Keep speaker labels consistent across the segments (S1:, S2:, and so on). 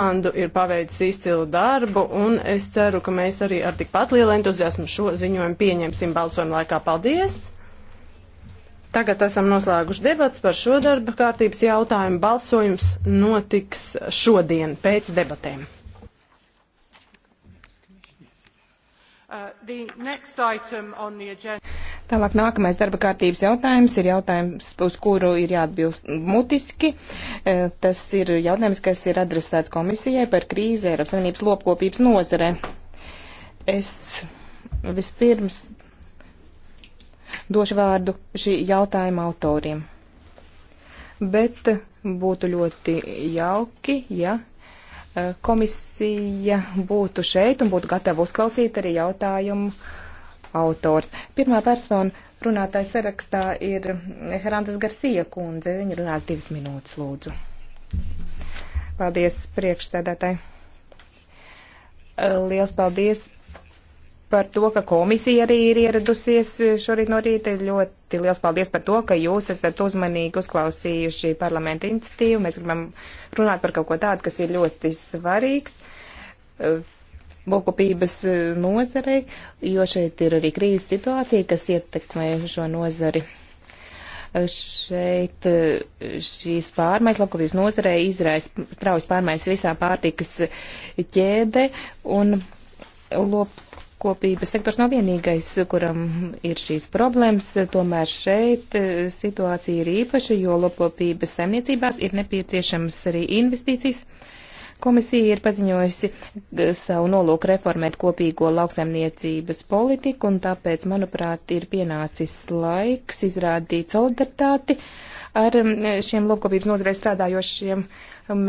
S1: komandu ir paveicis izcilu darbu, un es ceru, ka mēs arī ar tikpat lielu entuziasmu šo ziņojumu pieņemsim balsojumu laikā. Paldies! Tagad esam noslēguši debats par šo darba kārtības jautājumu. Balsojums notiks šodien
S2: pēc debatēm.
S1: Uh,
S2: Tālāk nākamais darba kārtības jautājums ir jautājums, uz kuru ir jāatbilst mutiski. Uh, tas ir jautājums, kas ir adresēts komisijai par krīzi Eiropas Savienības lopkopības nozare. Es vispirms došu vārdu šī jautājuma autoriem. Bet būtu ļoti jauki, ja Eh, komisija būtu šeit un būtu gatava uzklausīt arī jautājumu autors. Pirmā persona runātājs sarakstā ir Herandes Garcia kundze. Viņa runās divas minūtes, lūdzu. Paldies priekšsēdētāji. Eh, liels paldies par to, ka komisija arī ir ieradusies šorīt no rīta. Ļoti liels paldies par to, ka jūs esat uzmanīgi uzklausījuši parlamenta iniciatīvu. Mēs gribam runāt par kaut ko tādu, kas ir ļoti svarīgs būvkopības eh, eh, nozarei, jo šeit ir arī krīzes situācija, kas ietekmē šo nozari. Eh, šeit šīs pārmaiņas labklājības nozarē izraisa straujas pārmaiņas visā pārtikas ķēdē, un lop, lopkopības sektors nav vienīgais, kuram ir šīs problēmas, tomēr šeit e, situācija ir īpaša, jo lopkopības saimniecībās ir nepieciešams arī investīcijas. Komisija ir paziņojusi e, savu nolūku reformēt kopīgo lauksaimniecības politiku, un tāpēc, manuprāt, ir pienācis laiks izrādīt solidaritāti ar šiem lopkopības nozarē strādājošiem.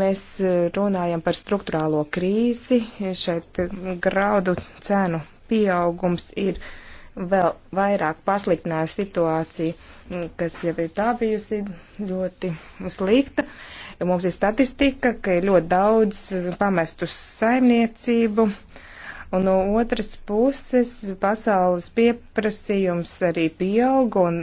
S2: Mēs e, runājam par struktūrālo krīzi, šeit graudu cenu pieaugums ir vēl vairāk pasliktinājis situāciju, kas jau ir tā bijusi ļoti slikta. Mums ir statistika, ka ir ļoti daudz pamestu saimniecību. Un no otras puses, pasaules pieprasījums arī pieaug, un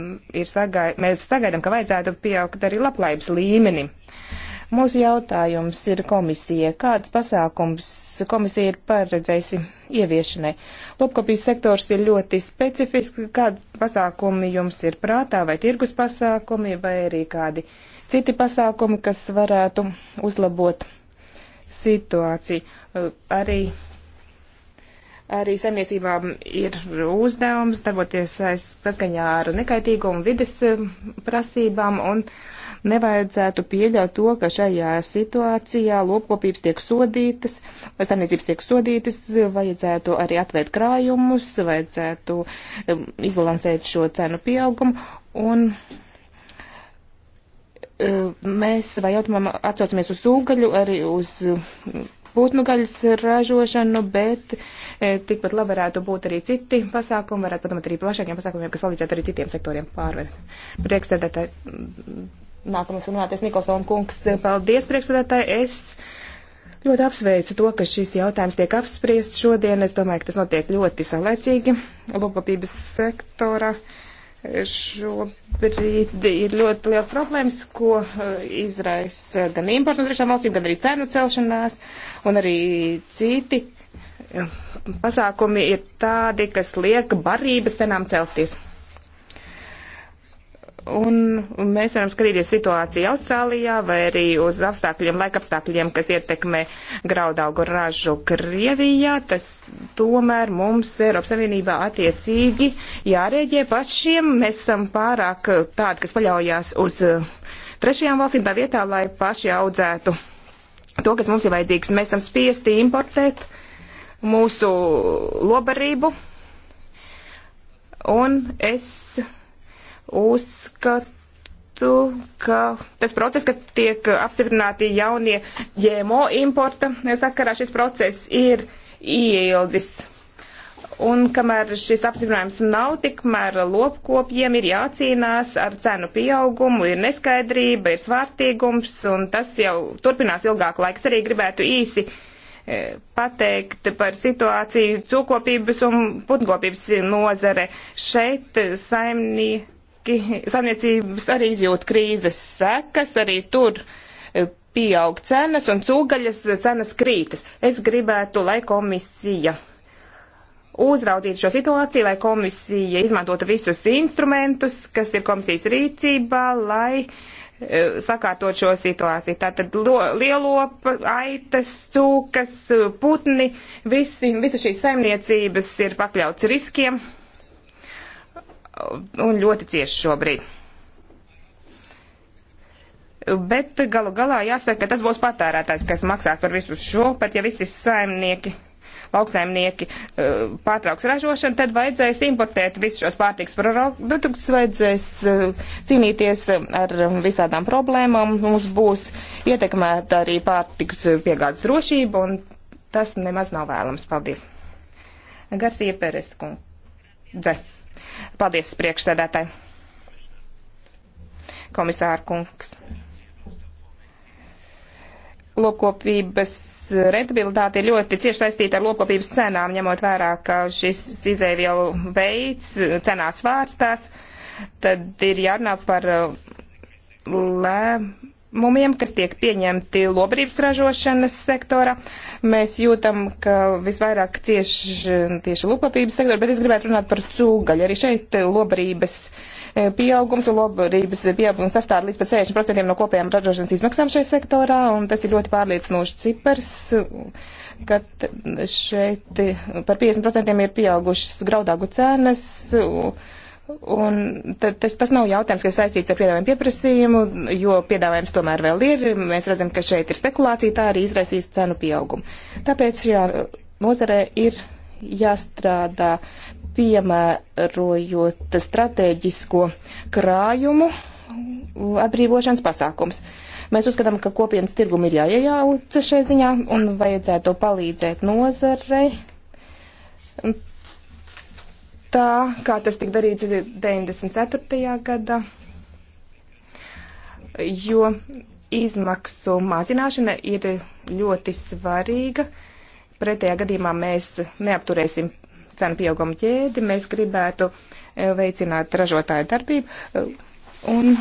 S2: sagai mēs sagaidām, ka vajadzētu pieaugt arī labklājības līmenim. Uh, Mūsu jautājums ir komisija. Kāds pasākums komisija ir paredzējusi ieviešanai? Lopkopijas sektors ir ļoti specifisks. Kādi pasākumi jums ir prātā, vai tirgus pasākumi, vai arī kādi citi pasākumi, kas varētu uzlabot situāciju? Arī, arī saimniecībām ir uzdevums darboties saskaņā ar nekaitīgumu vides eh, prasībām. Un, uh, nevajadzētu pieļaut to, ka šajā situācijā lopkopības tiek sodītas, vai saimniecības tiek sodītas, vajadzētu arī atvērt krājumus, vajadzētu um, izbalansēt šo cenu pieaugumu. Un um, mēs vai jautājumam atsaucamies uz ūgaļu, arī uz um, putnu gaļas ražošanu, bet eh, tikpat labi varētu būt arī citi pasākumi, varētu padomāt arī plašākiem pasākumiem, kas palīdzētu arī citiem sektoriem pārvarēt. Prieks sēdētāji, Nākamais runāties Nikolsona kungs. Paldies, priekšsēdētāji. Es ļoti apsveicu to, ka šis jautājums tiek apspriests šodien. Es domāju, ka tas notiek ļoti saulēcīgi. Lopkopības sektora šobrīd ir ļoti liels problēmas, ko eh, izraisa gan imports no trešām valstīm, gan arī cenu celšanās un arī citi eh, pasākumi ir tādi, kas liek barības cenām celties. Un mēs varam skatīties situāciju Austrālijā vai arī uz apstākļiem, laikapstākļiem, kas ietekmē graudaugu ražu Krievijā. Tas tomēr mums Eiropas Savienībā attiecīgi jārēģē pašiem. Mēs esam pārāk tādi, kas paļaujās uz eh, trešajām valstīm tā vietā, lai paši audzētu to, kas mums ir vajadzīgs. Mēs esam spiesti importēt mūsu lobarību. Un es uzskatu, ka tas process, ka tiek apstiprināti jaunie ģēmo importa sakarā, šis process ir ieildzis. Un kamēr šis apstiprinājums nav, tikmēr lopkopjiem ir jācīnās ar cenu pieaugumu, ir neskaidrība, ir svārstīgums, un tas jau turpinās ilgāku laiku. Es arī gribētu īsi e, pateikt par situāciju cūkopības un putgopības nozare. Šeit saimnie cilvēki, saimniecības arī izjūt krīzes sekas, arī tur e, pieaug cenas un cūgaļas e, cenas krītas. Es gribētu, lai komisija uzraudzītu šo situāciju, lai komisija izmantotu visus instrumentus, kas ir komisijas rīcībā, lai e, sakārtot šo situāciju. Tātad lielopa, aitas, cūkas, putni, visi, visa šīs saimniecības ir pakļauts riskiem un ļoti cieši šobrīd. Bet galu galā jāsaka, ka tas būs patērētājs, kas maksās par visu šo, pat ja visi saimnieki, lauksaimnieki eh, pārtrauks ražošanu, tad vajadzēs importēt visus šos pārtiks produktus, vajadzēs eh, cīnīties ar visādām problēmām, mums būs ietekmēta arī pārtiks piegādes drošība, un tas nemaz nav vēlams. Paldies. Garcija Peres, kundze. Paldies, priekšsēdētāji. Komisāra kungs. Lopkopības rentabilitāte ir ļoti cieši saistīta ar lopkopības cenām, ņemot vērā, ka šis izēvielu veids cenās vārstās, tad ir jārunā par lēmumu lēmumiem, kas tiek pieņemti lobrības ražošanas sektora. Mēs jūtam, ka visvairāk cieši tieši lopapības sektora, bet es gribētu runāt par cūgaļu. Arī šeit eh, lobrības eh, pieaugums un lobrības pieaugums sastāv līdz pat 60% no kopējām ražošanas izmaksām šajā sektorā, un tas ir ļoti pārliecinošs cipars, kad šeit eh, par 50% ir pieaugušas graudāgu cenas. Un, Un tad tas nav jautājums, kas saistīts ar piedāvājumu pieprasījumu, jo piedāvājums tomēr vēl ir. Mēs redzam, ka šeit ir spekulācija, tā arī izraisīs cenu pieaugumu. Tāpēc šajā nozarē ir jāstrādā piemērojot strateģisko krājumu atbrīvošanas pasākums. Mēs uzskatām, ka kopienas tirgum ir jāiejauca šai ziņā un vajadzētu palīdzēt nozarei tā, kā tas tika darīts 94. gada, jo izmaksu mazināšana ir ļoti svarīga. Pretējā gadījumā mēs neapturēsim cenu pieauguma ķēdi, mēs gribētu eh, veicināt ražotāju darbību. Eh, un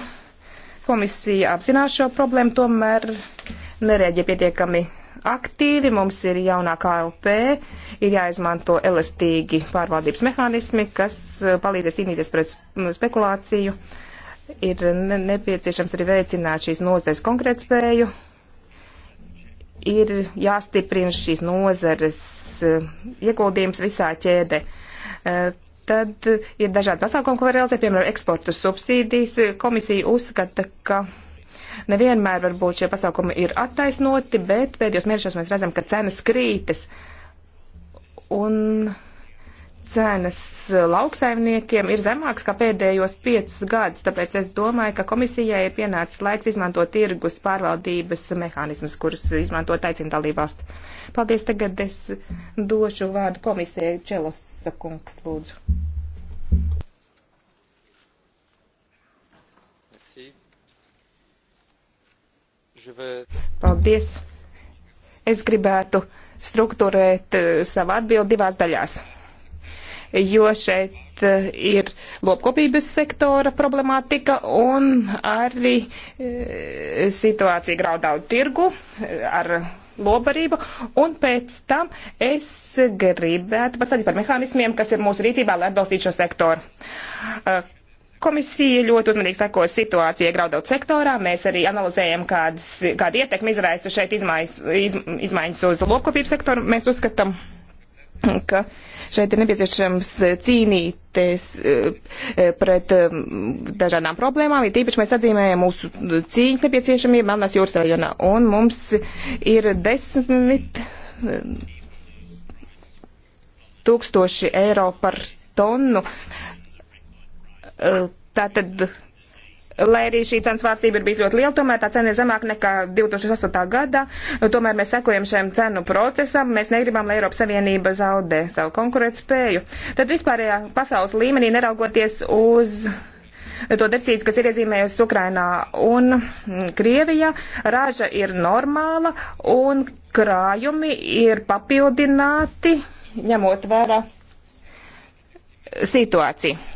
S2: komisija apzinās šo problēmu, tomēr nereaģē pietiekami aktīvi, mums ir jaunā KLP, ir jāizmanto elastīgi pārvaldības mehānismi, kas eh, palīdzēs cīnīties pret spekulāciju. Ir nepieciešams arī veicināt šīs nozares konkrētspēju. Ir jāstiprina šīs nozares eh, ieguldījums visā ķēdē. Eh, tad ir dažādi pasākumi, ko var realizēt, piemēram, eksporta subsīdijas. Komisija uzskata, ka Nevienmēr varbūt šie pasākumi ir attaisnoti, bet pēdējos mēnešos mēs redzam, ka cenas krītas. Un cenas lauksaimniekiem ir zemāks kā pēdējos piecus gadus, tāpēc es domāju, ka komisijai ir pienācis laiks izmantot tirgus pārvaldības mehānismus, kurus izmanto taicina dalībvalsts. Paldies, tagad es došu vārdu komisijai Čelos Kungs, lūdzu. Paldies. Es gribētu struktūrēt eh, savu atbildi divās daļās, jo šeit eh, ir lopkopības sektora problemātika un arī eh, situācija graudaudu tirgu ar lobarību, un pēc tam es gribētu pasakīt par mehānismiem, kas ir mūsu rīcībā, lai atbalstītu šo sektoru. Komisija ļoti uzmanīgi sako situācijai graudot sektorā. Mēs arī analizējam, kādas, kāda ietekme izraisa šeit izmaiņas, iz, izmaiņas uz lopkopību sektoru. Mēs uzskatām, ka šeit ir nepieciešams cīnīties eh, pret eh, dažādām problēmām, ir tīpaši mēs atzīmējam mūsu cīņas nepieciešamību Melnās jūras rajonā, un mums ir desmit eh, tūkstoši eiro par tonu Eh, tātad, lai arī šī cenu svārstība ir bijusi ļoti liela, tomēr tā cena ir zemāka nekā 2008. gadā. Tomēr mēs sekojam šiem cenu procesam, mēs negribam, lai Eiropas Savienība zaudē savu konkurētspēju. Tad vispārējā pasaules līmenī, neraugoties uz to deficītu, kas ir iezīmējies Ukrainā un Krievijā. Rāža ir normāla un krājumi ir papildināti, ņemot vērā situāciju.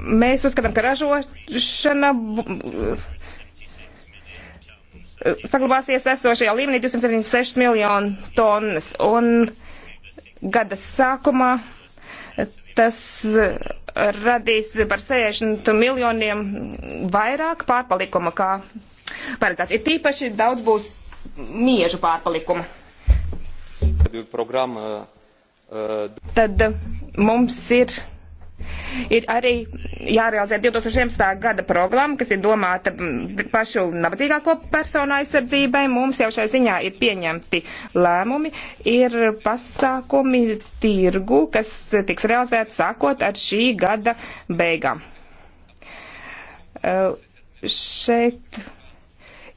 S2: Mēs uzskatām, ka ražošana saglabāsies esošajā līmenī 276 miljonu tonnas. Un gada sākumā tas eh, radīs par 60 miljoniem vairāk pārpalikuma, kā paredzēts. Ir tīpaši daudz būs miežu pārpalikuma. Eh, eh, Tad mums ir Ir arī jārealizē 2011. gada programma, kas ir domāta pašu nabadzīgāko personu aizsardzībai. Mums jau šai ziņā ir pieņemti lēmumi, ir pasākumi tirgu, kas tiks realizēti sākot ar šī gada beigām. Šeit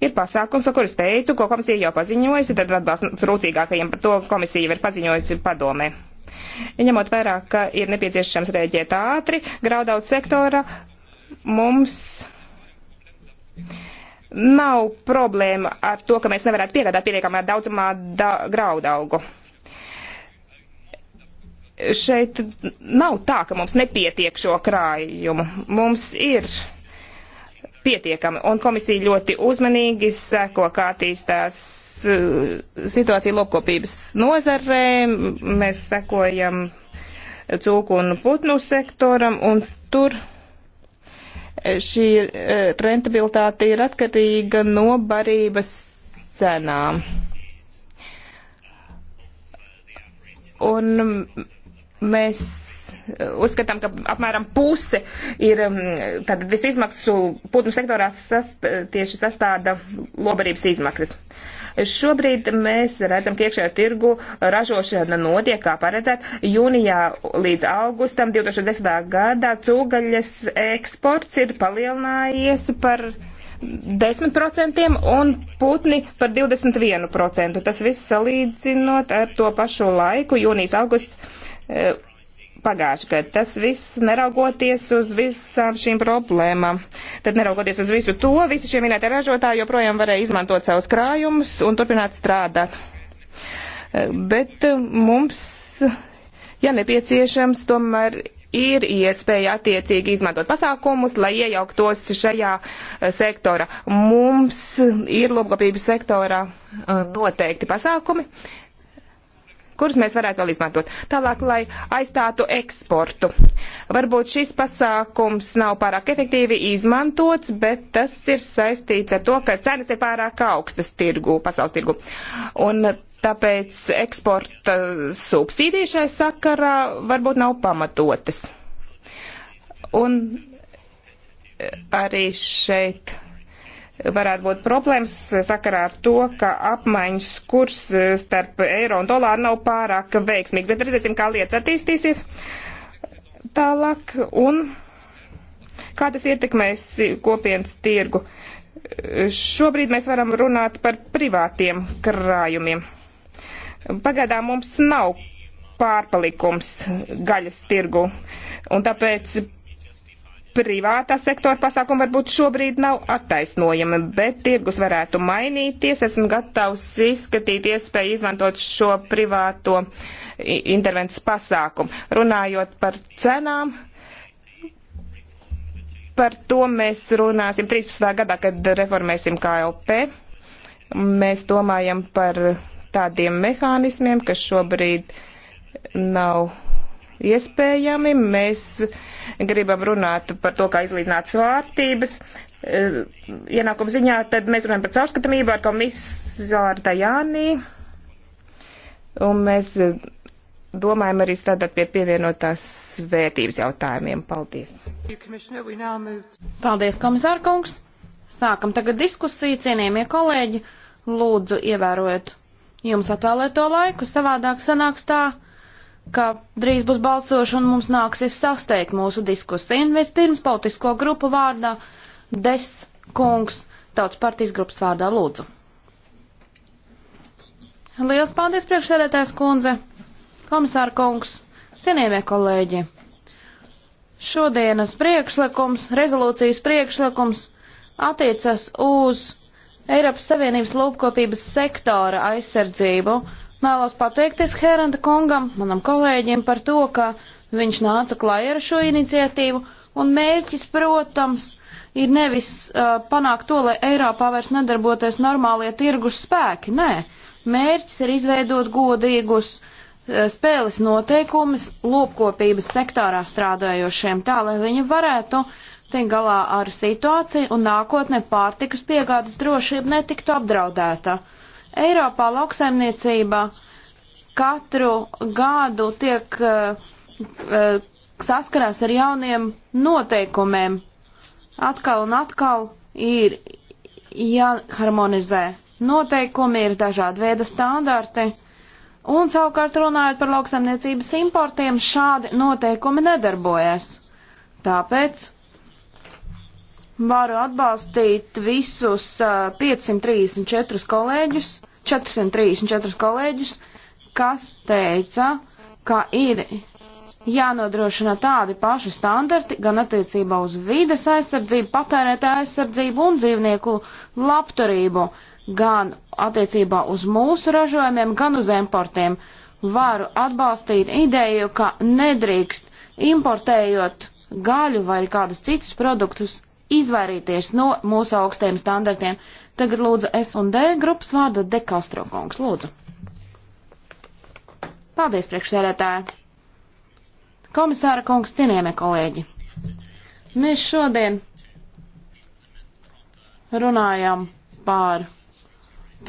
S2: ir pasākums, par kuru es teicu, ko komisija jau paziņojusi, tad atbalsts trūcīgākajiem par to komisija jau ir paziņojusi padomē. Ņemot vērā, ka ir nepieciešams rēģēt ātri, graudaut sektora, mums nav problēma ar to, ka mēs nevarētu piegādāt pietiekamā daudzumā da graudaugu. Šeit nav tā, ka mums nepietiek šo krājumu. Mums ir pietiekami, un komisija ļoti uzmanīgi seko, kā attīstās Eh, situāciju lopkopības nozarē, mēs sekojam cūku un putnu sektoram, un tur eh, šī eh, rentabilitāte ir atkarīga no barības cenām. Un mēs uzskatām, ka apmēram puse ir mm, tad visizmaksu putnu sektorā sast, tieši sastāda lobarības izmaksas. Uh, Šobrīd mēs redzam, ka iekšējā tirgu ražošana notiek, kā paredzēt, jūnijā līdz augustam 2010. gadā cūgaļas eksports ir palielinājies par 10% un putni par 21%. Tas viss salīdzinot ar to pašu laiku, jūnijas augusts eh, pagājuši gadu. Tas viss neraugoties uz visām šīm problēmām. Tad neraugoties uz visu to, visi šie minētie ražotāji joprojām varēja izmantot savus krājumus un turpināt strādāt. Bet eh, mums, ja nepieciešams, tomēr ir iespēja attiecīgi izmantot pasākumus, lai iejauktos šajā eh, sektora. Mums ir lopkopības sektorā eh, noteikti pasākumi, kurus mēs varētu vēl izmantot. Tālāk, lai aizstātu eksportu. Varbūt šis pasākums nav pārāk efektīvi izmantots, bet tas ir saistīts ar to, ka cenas ir pārāk augstas tirgu, pasaules tirgu. Un tāpēc eksporta subsīdija šai sakarā varbūt nav pamatotas. Un arī šeit varētu būt problēmas sakarā ar to, ka apmaiņas kurs eh, starp eiro un dolāru nav pārāk veiksmīgs, bet redzēsim, kā lietas attīstīsies tālāk un kā tas ietekmēs kopienas tirgu. Šobrīd mēs varam runāt par privātiem krājumiem. Pagaidām mums nav pārpalikums gaļas tirgu, un tāpēc privātā sektora pasākumi varbūt šobrīd nav attaisnojami, bet tirgus varētu mainīties. Esmu gatavs izskatīt iespēju izmantot šo privāto intervences pasākumu. Runājot par cenām, par to mēs runāsim 13. gadā, kad reformēsim KLP. Mēs domājam par tādiem mehānismiem, kas šobrīd nav iespējami. Mēs gribam runāt par to, kā izlīdzināt svārstības. E, ienākuma ziņā tad mēs runājam par caurskatamību ar komisāru Tajānī. Un mēs e, domājam arī strādāt pie pievienotās vērtības jautājumiem. Paldies. Paldies, komisārkungs.
S3: Sākam tagad diskusiju, cienījamie kolēģi. Lūdzu, ievērojiet jums atvēlēto laiku, savādāk sanāks tā, ka drīz būs balsošana, mums nāksies sasteigt mūsu diskusiju. Un vispirms politisko grupu vārdā Des Kungs, Tautas partijas grupas vārdā lūdzu. Liels paldies priekšsēdētājs kundze, komisāra kungs, cienījamie kolēģi. Šodienas priekšlikums, rezolūcijas priekšlikums attiecas uz Eiropas Savienības lūpkopības sektora aizsardzību Vēlos pateikties Heranta kungam, manam kolēģim par to, ka viņš nāca klāja ar šo iniciatīvu, un mērķis, protams, ir nevis uh, panākt to, lai Eiropā vairs nedarboties normālie tirgus spēki, nē. Mērķis ir izveidot godīgus uh, spēles noteikumus lopkopības sektārā strādājošiem, tā lai viņi varētu tikt galā ar situāciju un nākotnē pārtikas piegādes drošība netiktu apdraudēta. Uh, Eiropā lauksaimniecība katru gadu tiek uh, saskarās ar jauniem noteikumiem. Atkal un atkal ir jāharmonizē noteikumi, ir dažādi veidi standarti. Un savukārt runājot par lauksaimniecības importiem, šādi noteikumi nedarbojas. Tāpēc Varu atbalstīt visus uh, 534 kolēģus, 434 kolēģus, kas teica, ka ir jānodrošina tādi paši standarti gan attiecībā uz vides aizsardzību, patērētāju aizsardzību un dzīvnieku labturību, gan attiecībā uz mūsu ražojumiem, gan uz importiem. Varu atbalstīt ideju, ka nedrīkst importējot gaļu vai kādus citus produktus izvairīties no mūsu augstiem standartiem. Tagad lūdzu S un D grupas vārda Dekastro kungs, lūdzu. Paldies, priekšsēdētāji. Komisāra kungs, cienījamie kolēģi. Mēs šodien runājam par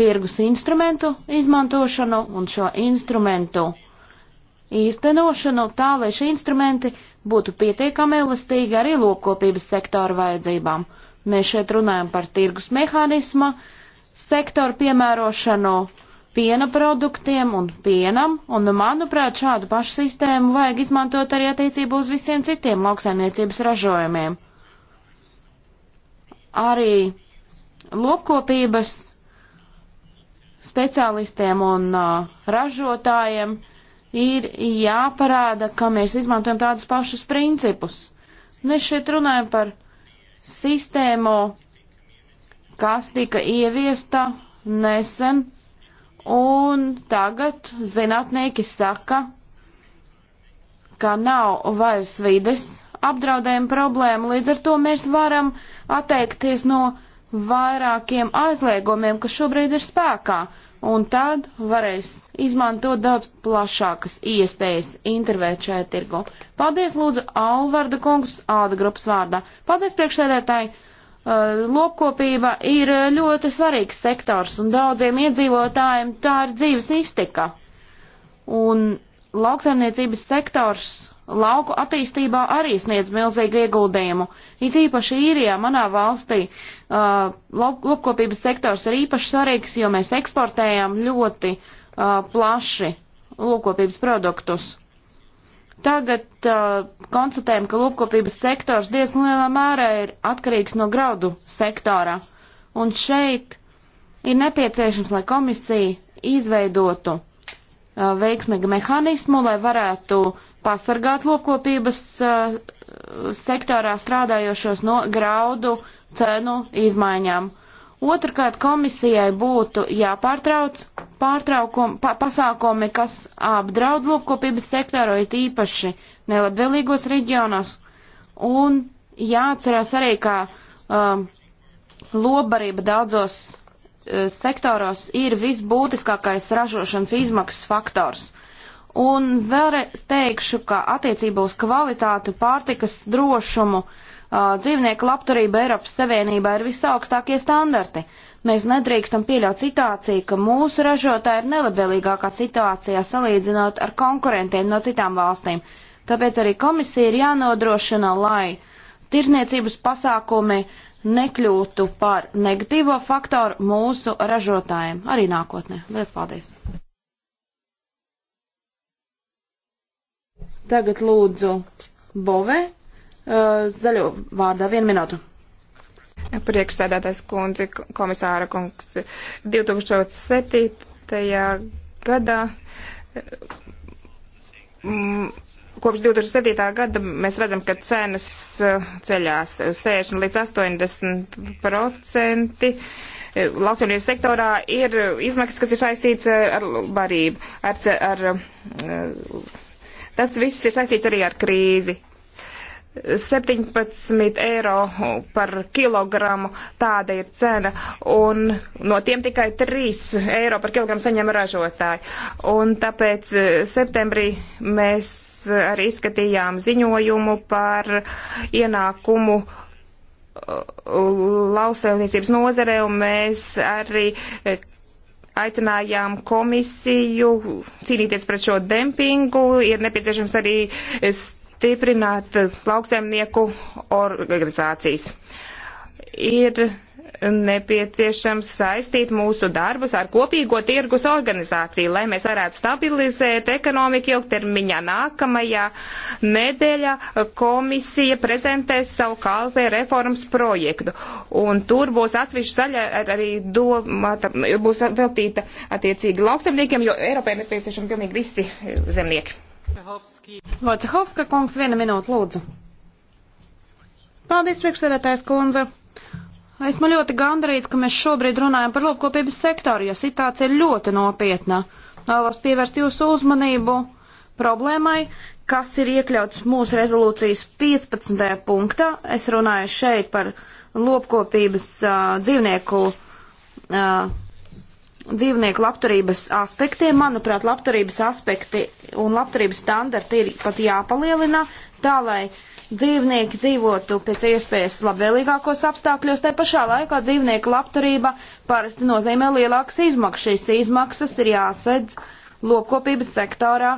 S3: tirgus instrumentu izmantošanu un šo instrumentu īstenošanu tā, lai šie instrumenti būtu pietiekami elastīgi arī lopkopības sektora vajadzībām. Mēs šeit runājam par tirgus mehānismu, sektoru piemērošanu piena produktiem un pienam, un, manuprāt, šādu pašu sistēmu vajag izmantot arī attiecību uz visiem citiem lauksaimniecības ražojumiem. Arī lopkopības speciālistiem un uh, ražotājiem ir jāparāda, ka mēs izmantojam tādus pašus principus. Mēs šeit runājam par sistēmu, kas tika ieviesta nesen, un tagad zinātnieki saka, ka nav vairs vides apdraudējuma problēma, līdz ar to mēs varam atteikties no vairākiem aizliegumiem, kas šobrīd ir spēkā un tad varēs izmantot daudz plašākas iespējas intervēt šajā tirgu. Paldies, lūdzu, Alvarda kungs, Āda grupas vārdā. Paldies, priekšsēdētāji! Uh, lopkopība ir ļoti svarīgs sektors, un daudziem iedzīvotājiem tā ir dzīves iztika. Un lauksaimniecības sektors lauku attīstībā arī sniedz milzīgu ieguldījumu. It īpaši īrijā, manā valstī, uh, lopkopības sektors ir īpaši svarīgs, jo mēs eksportējam ļoti uh, plaši lopkopības produktus. Tagad uh, konstatējam, ka lopkopības sektors diezgan lielā mērā ir atkarīgs no graudu sektora. Un šeit ir nepieciešams, lai komisija izveidotu uh, veiksmīgu mehānismu, lai varētu uh, pasargāt lopkopības uh, sektorā strādājošos no graudu cenu izmaiņām. Otrakārt, komisijai būtu jāpārtrauc pa, pasākumi, kas apdraud lopkopības sektoru, it īpaši nelabvēlīgos reģionos, un jāatcerās arī, ka um, lobarība daudzos uh, sektoros ir visbūtiskākais ražošanas izmaksas faktors. Un vēlreiz teikšu, ka attiecībā uz kvalitāti, pārtikas drošumu, dzīvnieku labturību Eiropas Savienībā ir visaugstākie standarti. Mēs nedrīkstam pieļaut situāciju, ka mūsu ražotāji ir nelabvēlīgākā situācijā salīdzinot ar konkurentiem no citām valstīm. Tāpēc arī komisija ir jānodrošina, lai tirzniecības pasākumi nekļūtu par negatīvo faktoru mūsu ražotājiem arī nākotnē. Lielas paldies! Tagad lūdzu
S2: Bove, uh, zaļo vārdā, vienu minūtu. Priekšsēdētājs kundze, komisāra kungs, 2007. gadā mm, kopš 2007. gada mēs redzam, ka cenas uh, ceļās 60 līdz 80 procenti. Lauksaimniecības sektorā ir izmaksas, kas ir saistīts uh, ar barību, ar, ar, ar Tas viss ir saistīts arī ar krīzi. 17 eiro par kilogramu tāda ir cena, un no tiem tikai 3 eiro par kilogramu saņem ražotāji. Un tāpēc eh, septembrī mēs arī izskatījām ziņojumu par ienākumu eh, lauksaimniecības nozarē, un mēs arī eh, aicinājām komisiju cīnīties pret šo dempingu. Ir nepieciešams arī stiprināt lauksaimnieku organizācijas. Ir nepieciešams saistīt mūsu darbus ar kopīgo tirgus organizāciju, lai mēs varētu stabilizēt ekonomiku ilgtermiņā. Nākamajā nedēļā komisija prezentēs savu KLP reformas projektu, un tur būs atsevišķa saļa arī domāta, būs veltīta attiecīgi lauksemniekiem, jo Eiropai nepieciešami pilnīgi visi zemnieki. Vojcehovska kungs, viena minūte
S3: lūdzu. Paldies, priekšsēdētājs kundze. Esmu ļoti gandrīz, ka mēs šobrīd runājam par lopkopības sektoru, jo situācija ir ļoti nopietna. Vēlos pievērst jūsu uzmanību problēmai, kas ir iekļauts mūsu rezolūcijas 15. punktā. Es runāju šeit par lopkopības uh, dzīvnieku, uh, dzīvnieku labturības aspektiem. Manuprāt, labturības aspekti un labturības standarti ir pat jāpalielina tā, lai uh, dzīvnieki dzīvotu pēc iespējas labvēlīgākos apstākļos, tai pašā laikā dzīvnieku labturība parasti nozīmē lielākas izmaksas. Šīs izmaksas ir jāsedz lopkopības sektorā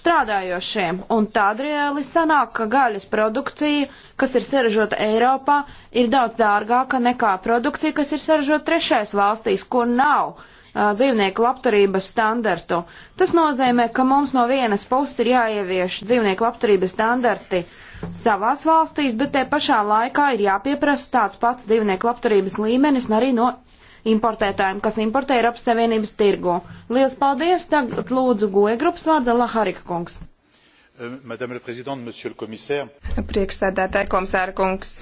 S3: strādājošiem, un tādreāli sanāk, ka gaļas produkcija, kas ir saražota Eiropā, ir daudz dārgāka nekā produkcija, kas ir saražota trešais valstīs, kur nav uh, dzīvnieku labturības standartu. Tas nozīmē, ka mums no vienas puses ir jāievieš dzīvnieku labturības standarti uh, savās valstīs, bet te pašā laikā ir jāpieprasa tāds pats dzīvnieku labturības līmenis arī no importētājiem, kas importē Eiropas Savienības tirgu. Lielas paldies! Tagad
S2: lūdzu goja grupas vārdā Laharika kungs. Euh, Madame la Présidente, Monsieur le Commissaire. Priekšsēdētāji komisāra kungs,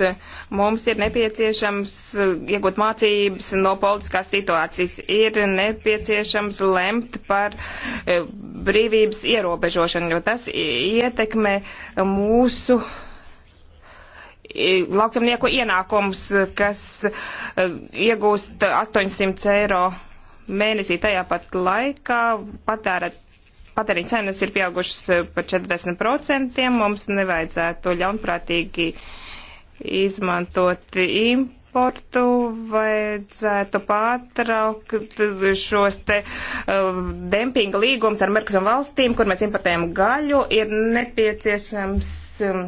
S2: mums ir nepieciešams uh, iegūt mācības no politiskās situācijas. Ir nepieciešams lemt par uh, brīvības ierobežošanu, jo tas ietekmē mūsu lauksamnieku ienākums, kas uh, iegūst 800 eiro mēnesī tajā pat laikā patērēt patēriņa cenas ir pieaugušas eh, par 40%, mums nevajadzētu ļaunprātīgi izmantot importu, vajadzētu pārtraukt šos te uh, dempinga līgumus ar Merkusam valstīm, kur mēs importējam gaļu, ir nepieciešams. Um,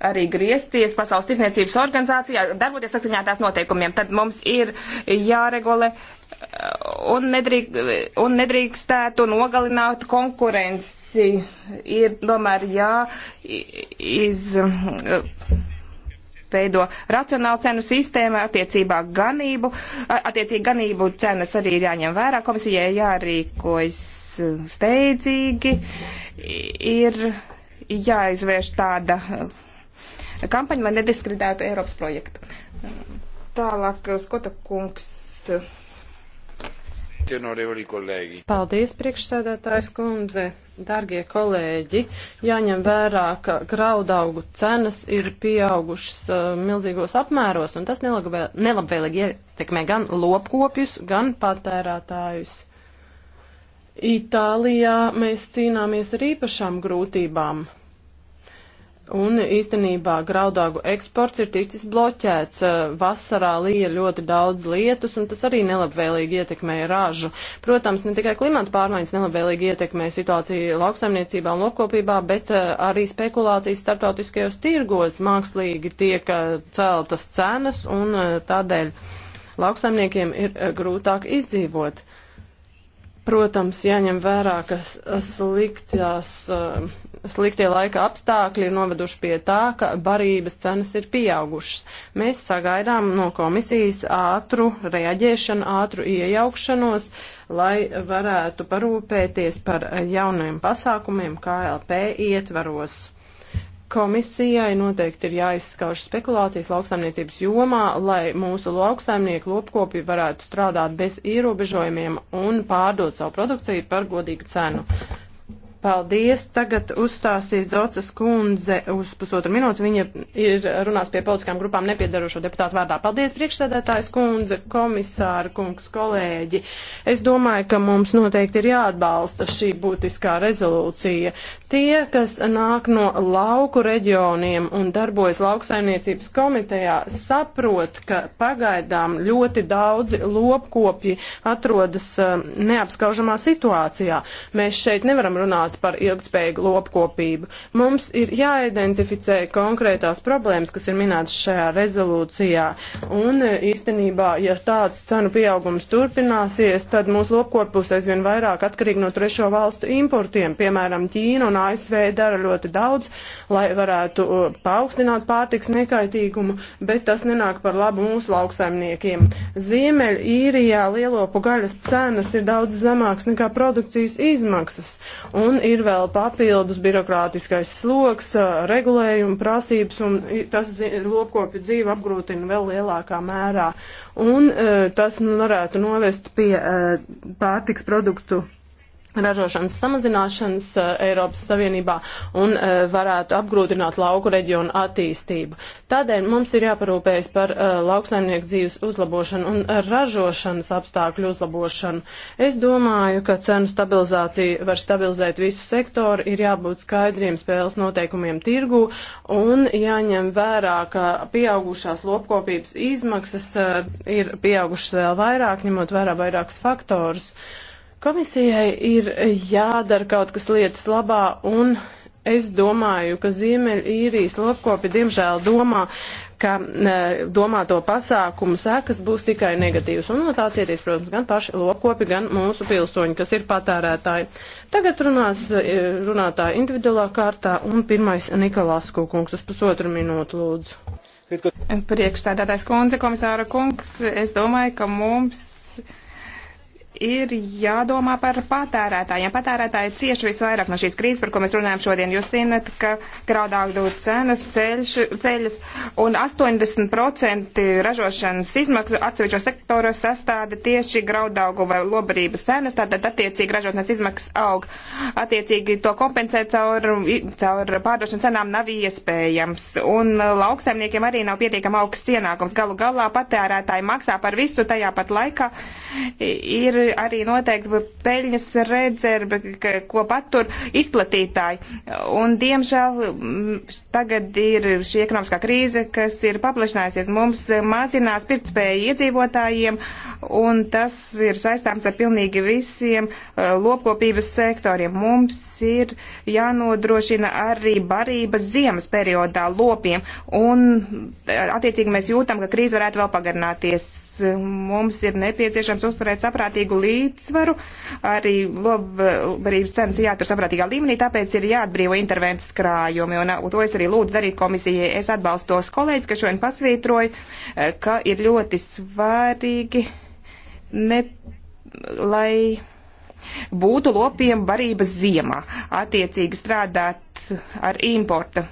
S2: arī griezties Pasaules tirdzniecības organizācijā, darboties saskaņā tās noteikumiem. Tad mums ir jāregulē un, nedrīk, un nedrīkstētu nogalināt konkurenci. Ir tomēr jāizveido racionāla cenu sistēma attiecībā ganību. Attiecīgi ganību cenas arī ir jāņem vērā. Komisijai jārīkojas steidzīgi. Ir jāizvērš tāda kampaņa, lai nediskreditētu Eiropas projektu. Tālāk, Skota kungs Paldies, priekšsēdētājs
S1: kundze, dargie kolēģi. Jāņem vērā, ka graudaugu cenas ir pieaugušas uh, milzīgos apmēros, un tas nelabvēlīgi ietekmē gan lopkopjus, gan patērētājus. Itālijā mēs cīnāmies ar īpašām grūtībām. Un īstenībā graudaugu eksports ir ticis bloķēts. Eh, vasarā lija ļoti daudz lietus, un tas arī nelabvēlīgi ietekmēja ražu. Protams, ne tikai klimata pārmaiņas nelabvēlīgi ietekmē situāciju lauksaimniecībā un lokkopībā, bet eh, arī spekulācijas starptautiskajos tirgos mākslīgi tiek eh, celtas cenas, un tādēļ lauksaimniekiem ir grūtāk izdzīvot. Uh, Protams, jāņem vērā, ka sliktās, eh, sliktie laika apstākļi ir noveduši pie tā, ka barības cenas ir pieaugušas. Mēs sagaidām no komisijas ātru reaģēšanu, ātru iejaukšanos, lai varētu parūpēties par jauniem pasākumiem KLP ietvaros. Komisijai noteikti ir jāizskauž spekulācijas lauksaimniecības jomā, lai mūsu lauksaimnieki lopkopi varētu strādāt bez ierobežojumiem un pārdot savu produkciju par godīgu cenu. Paldies. Tagad uzstāsīs Docas kundze uz pusotru minūti. Viņa ir runās pie politiskām grupām nepiedarošo deputātu vārdā. Paldies, priekšsēdētājs kundze, komisāra kungs, kolēģi. Es domāju, ka mums noteikti ir jāatbalsta šī būtiskā rezolūcija. Tie, kas nāk no lauku reģioniem un darbojas lauksaimniecības komitejā, saprot, ka pagaidām ļoti daudzi lopkopji atrodas eh, neapskaužamā situācijā. Mēs šeit nevaram runāt runāt par ilgspējīgu lopkopību. Mums ir jāidentificē konkrētās problēmas, kas ir minētas šajā rezolūcijā. Un e, īstenībā, ja tāds cenu pieaugums turpināsies, tad mūsu lopkopus aizvien vairāk atkarīgi no trešo valstu importiem. Piemēram, Ķīna un ASV dara ļoti daudz, lai varētu e, paaugstināt pārtiks nekaitīgumu, bet tas nenāk par labu mūsu lauksaimniekiem. Ziemeļ īrijā lielopu gaļas cenas ir daudz zemāks nekā produkcijas izmaksas. Un un ir vēl papildus birokrātiskais sloks, regulējuma prasības, un tas lopkopju dzīvi apgrūtina vēl lielākā mērā. Un tas nu, varētu novest pie pārtiks produktu ražošanas samazināšanas eh, Eiropas Savienībā un eh, varētu apgrūtināt lauku reģionu attīstību. Tādēļ mums ir jāparūpējas par eh, lauksaimnieku dzīves uzlabošanu un ražošanas apstākļu uzlabošanu. Es domāju, ka cenu stabilizācija var stabilizēt visu sektoru, ir jābūt skaidriem spēles noteikumiem tirgu un jāņem vērā, ka pieaugušās lopkopības izmaksas ir pieaugušas vēl vairāk, ņemot vērā vairākus faktorus. Uh, Komisijai ir jādara kaut kas lietas labā, un es domāju, ka Ziemeļīrijas lopkopi diemžēl domā, ka e, domāto pasākumu sekas būs tikai negatīvas, un no tā cietīs, protams, gan paši lopkopi, gan mūsu pilsoņi, kas ir patērētāji. Tagad runās runātāji individuālā kārtā, un pirmais Nikolās Kukungs uz
S2: pusotru minūtu lūdzu. Priekšstādātais kundze, komisāra kungs, es domāju, ka mums ir jādomā par patērētājiem. Patērētāji cieši visvairāk no šīs krīzes, par ko mēs runājam šodien. Jūs zinat, ka graudāgdu cenas ceļš, ceļas un 80% ražošanas izmaksu atsevišķo sektoros sastāda tieši graudaugu vai lobarības cenas, tātad attiecīgi ražotnes izmaksas aug. Attiecīgi to kompensēt caur, caur pārdošanas cenām nav iespējams. Un lauksaimniekiem arī nav pietiekama augsts cienākums. Galu galā patērētāji maksā par visu tajā pat laikā. Ir ir arī noteikti peļņas redzerbe, ko patur izplatītāji. Un, diemžēl, mm, tagad ir šī ekonomiskā krīze, kas ir paplašinājusies. Mums mazinās pirktspēja iedzīvotājiem, un tas ir saistāms ar pilnīgi visiem eh, lopkopības sektoriem. Mums ir jānodrošina arī barības ziemas periodā lopiem, un eh, attiecīgi mēs jūtam, ka krīze varētu vēl pagarināties Mums ir nepieciešams uzturēt saprātīgu līdzsvaru, arī labbarības cenas jātur saprātīgā līmenī, tāpēc ir jāatbrīvo intervences krājumi, un uh, to es arī lūdzu darīt komisijai. Es atbalstu tos kolēģis, kas šodien pasvītroja, uh, ka ir ļoti svarīgi, ne, lai būtu lopiem varības ziemā, attiecīgi strādāt ar importa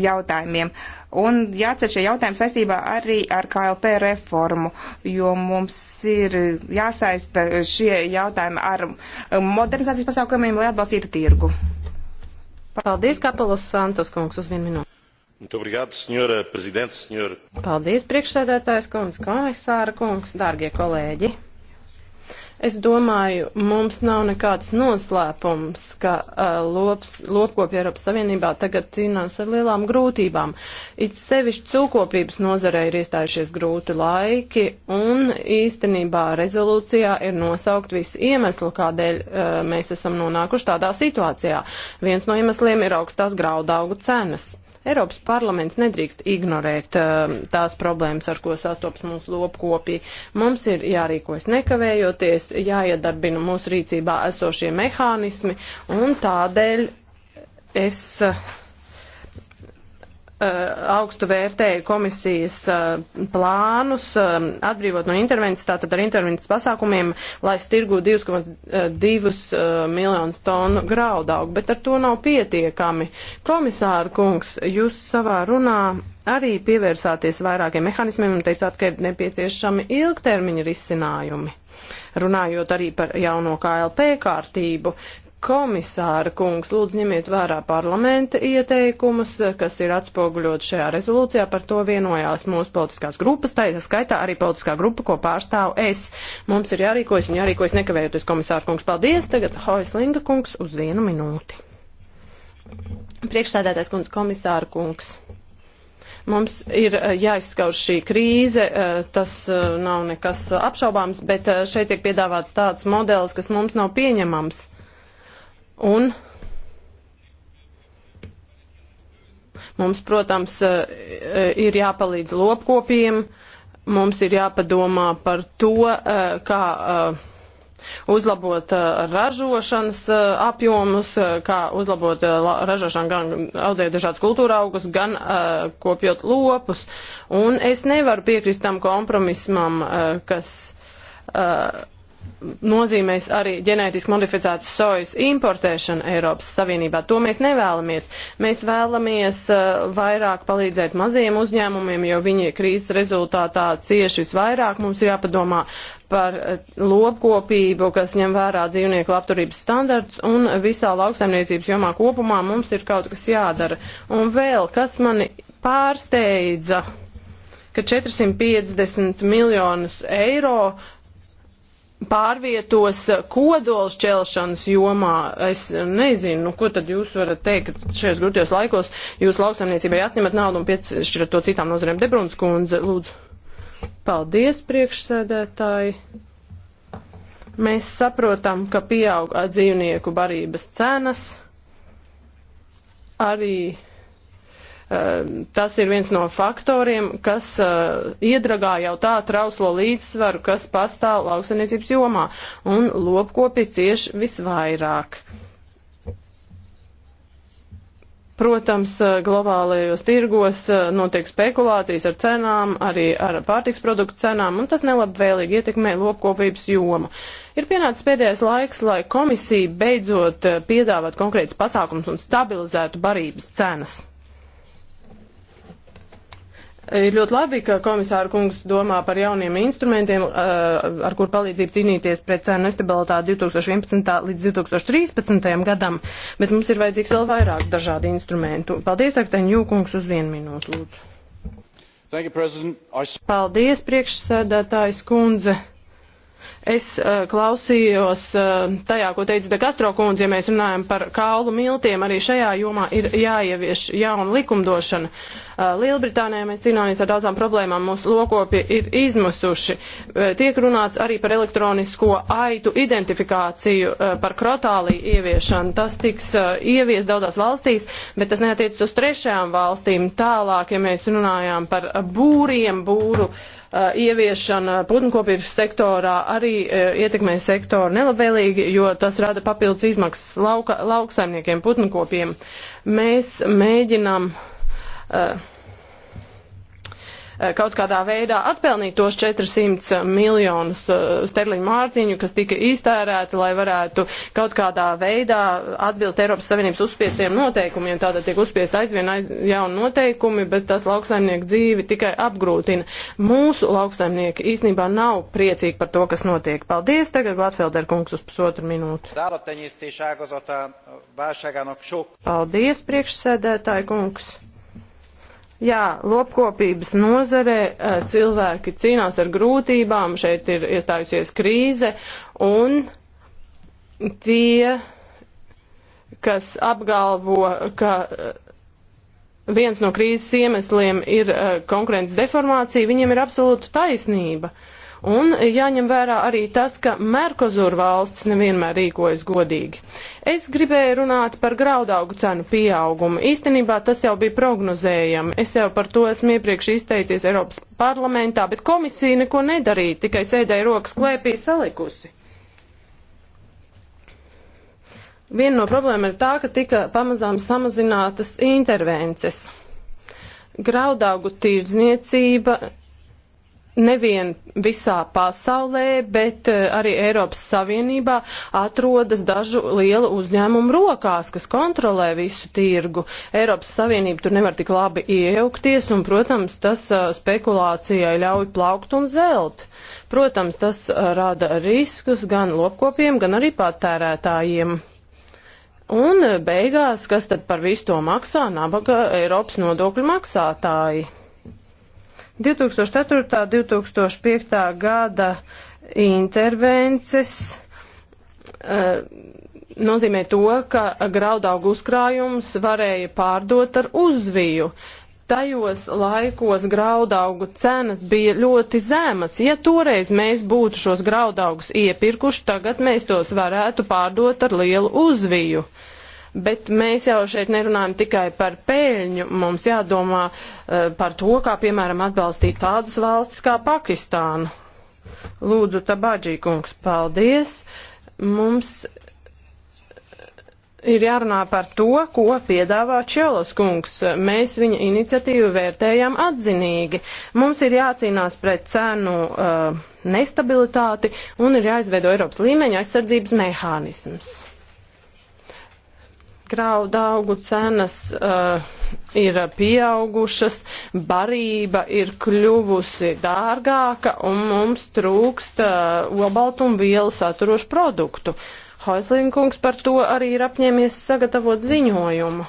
S2: jautājumiem. Uh, Un jāceļ šie jautājumi saistībā arī ar KLP reformu, jo mums ir jāsaista šie jautājumi ar modernizācijas pasākumiem, lai atbalstītu tirgu. Paldies, Kapelos Santos
S1: kungs, uz vienu minūti. Obrigado, senhora Presidente, senhora. Paldies, priekšsēdētājs kungs, komisāra kungs, dārgie kolēģi. Es domāju, mums nav nekāds noslēpums, ka uh, lops, lopkopja Eiropas Savienībā tagad cīnās ar lielām grūtībām. It sevišķi cūkopības nozarei ir iestājušies grūti laiki, un īstenībā rezolūcijā ir nosaukt visi iemesli, kādēļ uh, mēs esam nonākuši tādā situācijā. Viens no iemesliem ir augstās graudaugu cenas. Eiropas parlaments nedrīkst ignorēt uh, tās problēmas, ar ko sastopas mūsu lopkopī. Mums ir jārīkojas nekavējoties, jāiedarbina mūsu rīcībā esošie mehānismi un tādēļ es. Uh, Uh, augstu vērtēju komisijas uh, plānus um, atbrīvot no intervences, tātad ar intervences pasākumiem, lai stirgu 2,2 uh, miljonus tonu graudaugu, bet ar to nav pietiekami. Komisāra kungs, jūs savā runā arī pievērsāties vairākiem mehānismiem un teicāt, ka ir nepieciešami ilgtermiņa risinājumi runājot arī par jauno KLP kārtību, Komisāra kungs, lūdzu ņemiet vērā parlamenta ieteikumus, kas ir atspoguļot šajā rezolūcijā. Par to vienojās mūsu politiskās grupas, tā skaitā arī politiskā grupa, ko pārstāvu es. Mums ir jārīkojas un jārīkojas nekavējoties. Komisāra kungs, paldies. Tagad Hoislinga kungs uz vienu minūti. Priekšstādātais kungs, komisāra kungs mums ir eh, jāizskauž šī krīze, eh, tas eh, nav nekas apšaubāms, bet šeit tiek piedāvāts tāds modelis, kas mums nav pieņemams. Un mums, protams, eh, eh, ir jāpalīdz lopkopiem, mums ir jāpadomā par to, eh, kā uzlabot ražošanas apjomus, kā uzlabot ražošanu gan audzējot dažādas kultūra augus, gan kopjot lopus. Un es nevaru piekrist tam kompromismam, kas nozīmēs arī ģenētiski modificētas sojas importēšanu Eiropas Savienībā. To mēs nevēlamies. Mēs vēlamies uh, vairāk palīdzēt maziem uzņēmumiem, jo viņi krīzes rezultātā cieši visvairāk. Mums ir jāpadomā par uh, lopkopību, kas ņem vērā dzīvnieku labturības standarts un visā lauksaimniecības jomā kopumā mums ir kaut kas jādara. Un vēl, kas mani pārsteidza, ka 450 miljonus eiro pārvietos kodolšķelšanas jomā. Es nezinu, nu, ko tad jūs varat teikt, ka šajos grūtajos laikos jūs lauksaimniecībai atņemat naudu un piešķirat to citām nozarēm. Debruns kundze, lūdzu. Paldies, priekšsēdētāji. Mēs saprotam, ka pieaug dzīvnieku barības cenas. Arī Eh, tas ir viens no faktoriem, kas uh, iedragā jau tā trauslo līdzsvaru, kas pastāv lauksaimniecības jomā, un lopkopi cieši visvairāk. Protams, eh, globālajos tirgos notiek spekulācijas ar cenām, arī ar pārtiks produktu cenām, un tas nelabvēlīgi ietekmē lopkopības jomu. Ir pienācis pēdējais laiks, lai komisija beidzot piedāvāt konkrētas pasākums un stabilizētu barības cenas. Ir ļoti labi, ka komisāra kungs domā par jauniem instrumentiem, uh, ar kur palīdzību cīnīties pret cenu nestabilitāti 2011. līdz 2013. gadam, bet mums ir vajadzīgs vēl vairāk dažādu instrumentu. Paldies, Arkteņu Jūkungs, uz vienu minūtu, lūdzu.
S2: You, I...
S1: Paldies, priekšsēdētājs kundze. Es uh, klausījos uh, tajā, ko teica De Castro kundze, ja mēs runājam par kaulu miltiem, arī šajā jomā ir jāievieš jauna likumdošana. Uh, Lielbritānijā mēs cīnāmies ar daudzām problēmām, mūsu lokopji ir izmisuši. Uh, tiek runāts arī par elektronisko aitu identifikāciju, uh, par krotālī ieviešanu. Tas tiks uh, ievies daudzās valstīs, bet tas neatiec uz trešajām valstīm. Tālāk, ja mēs runājām par būriem, būru. Uh, Eh, ieviešana putnkopības sektorā arī eh, ietekmē sektoru nelabvēlīgi, jo tas rada papildus izmaksas lauka, lauksaimniekiem, putnkopiem. Mēs mēģinām uh, eh, Eh, kaut kādā veidā atpelnīt tos 400 eh, miljonus eh, sterliņu mārciņu, kas tika iztērēti, lai varētu kaut kādā veidā atbilst Eiropas Savienības uzspiestiem noteikumiem. Tātad tiek uzspiest aizvien aiz jauni noteikumi, bet tas lauksaimnieku dzīvi tikai apgrūtina. Mūsu lauksaimnieki īstenībā nav priecīgi par to, kas notiek. Paldies, tagad Glatfelder kungs uz pusotru minūtu. Paldies, priekšsēdētāji kungs. Jā, lopkopības nozare, cilvēki cīnās ar grūtībām, šeit ir iestājusies krīze, un tie, kas apgalvo, ka viens no krīzes iemesliem ir konkurences deformācija, viņiem ir absolūta taisnība. Uh, Un jāņem vērā arī tas, ka Merkozur valsts nevienmēr rīkojas godīgi. Es gribēju runāt par graudaugu cenu pieaugumu. Īstenībā tas jau bija prognozējami. Es jau par to esmu iepriekš izteicies Eiropas parlamentā, bet komisija neko nedarīja, tikai sēdēja rokas klēpī salikusi. Viena no problēma ir tā, ka tika pamazām samazinātas intervences. Graudaugu tirdzniecība nevien visā pasaulē, bet eh, arī Eiropas Savienībā atrodas dažu lielu uzņēmumu rokās, kas kontrolē visu tirgu. Eiropas Savienība tur nevar tik labi iejaukties, un, protams, tas eh, spekulācijai ļauj plaukt un zelt. Protams, tas eh, rada riskus gan lopkopiem, gan arī patērētājiem. Un beigās, kas tad par visu to maksā? Nabaga Eiropas nodokļu maksātāji. 2004. 2005. gada intervences e, nozīmē to, ka graudaugu uzkrājums varēja pārdot ar uzviju tajos laikos graudaugu cenas bija ļoti zemas. Ja toreiz mēs būtu šos graudaugus iepirkuši, tagad mēs tos varētu pārdot ar lielu uzviju. Uh, Bet mēs jau šeit nerunājam tikai par pēļņu, mums jādomā uh, par to, kā piemēram atbalstīt tādas valstis kā Pakistānu. Lūdzu, Tabadžī kungs, paldies. Mums ir jārunā par to, ko piedāvā Čelos kungs. Mēs viņa iniciatīvu vērtējām atzinīgi. Mums ir jācīnās pret cenu uh, nestabilitāti un ir jāizveido Eiropas līmeņa aizsardzības mehānisms graudu augu cenas uh, ir pieaugušas, barība ir kļuvusi dārgāka un mums trūkst uh, olbaltumvielu saturošu produktu. Hoislinkungs par to arī ir apņēmies sagatavot ziņojumu.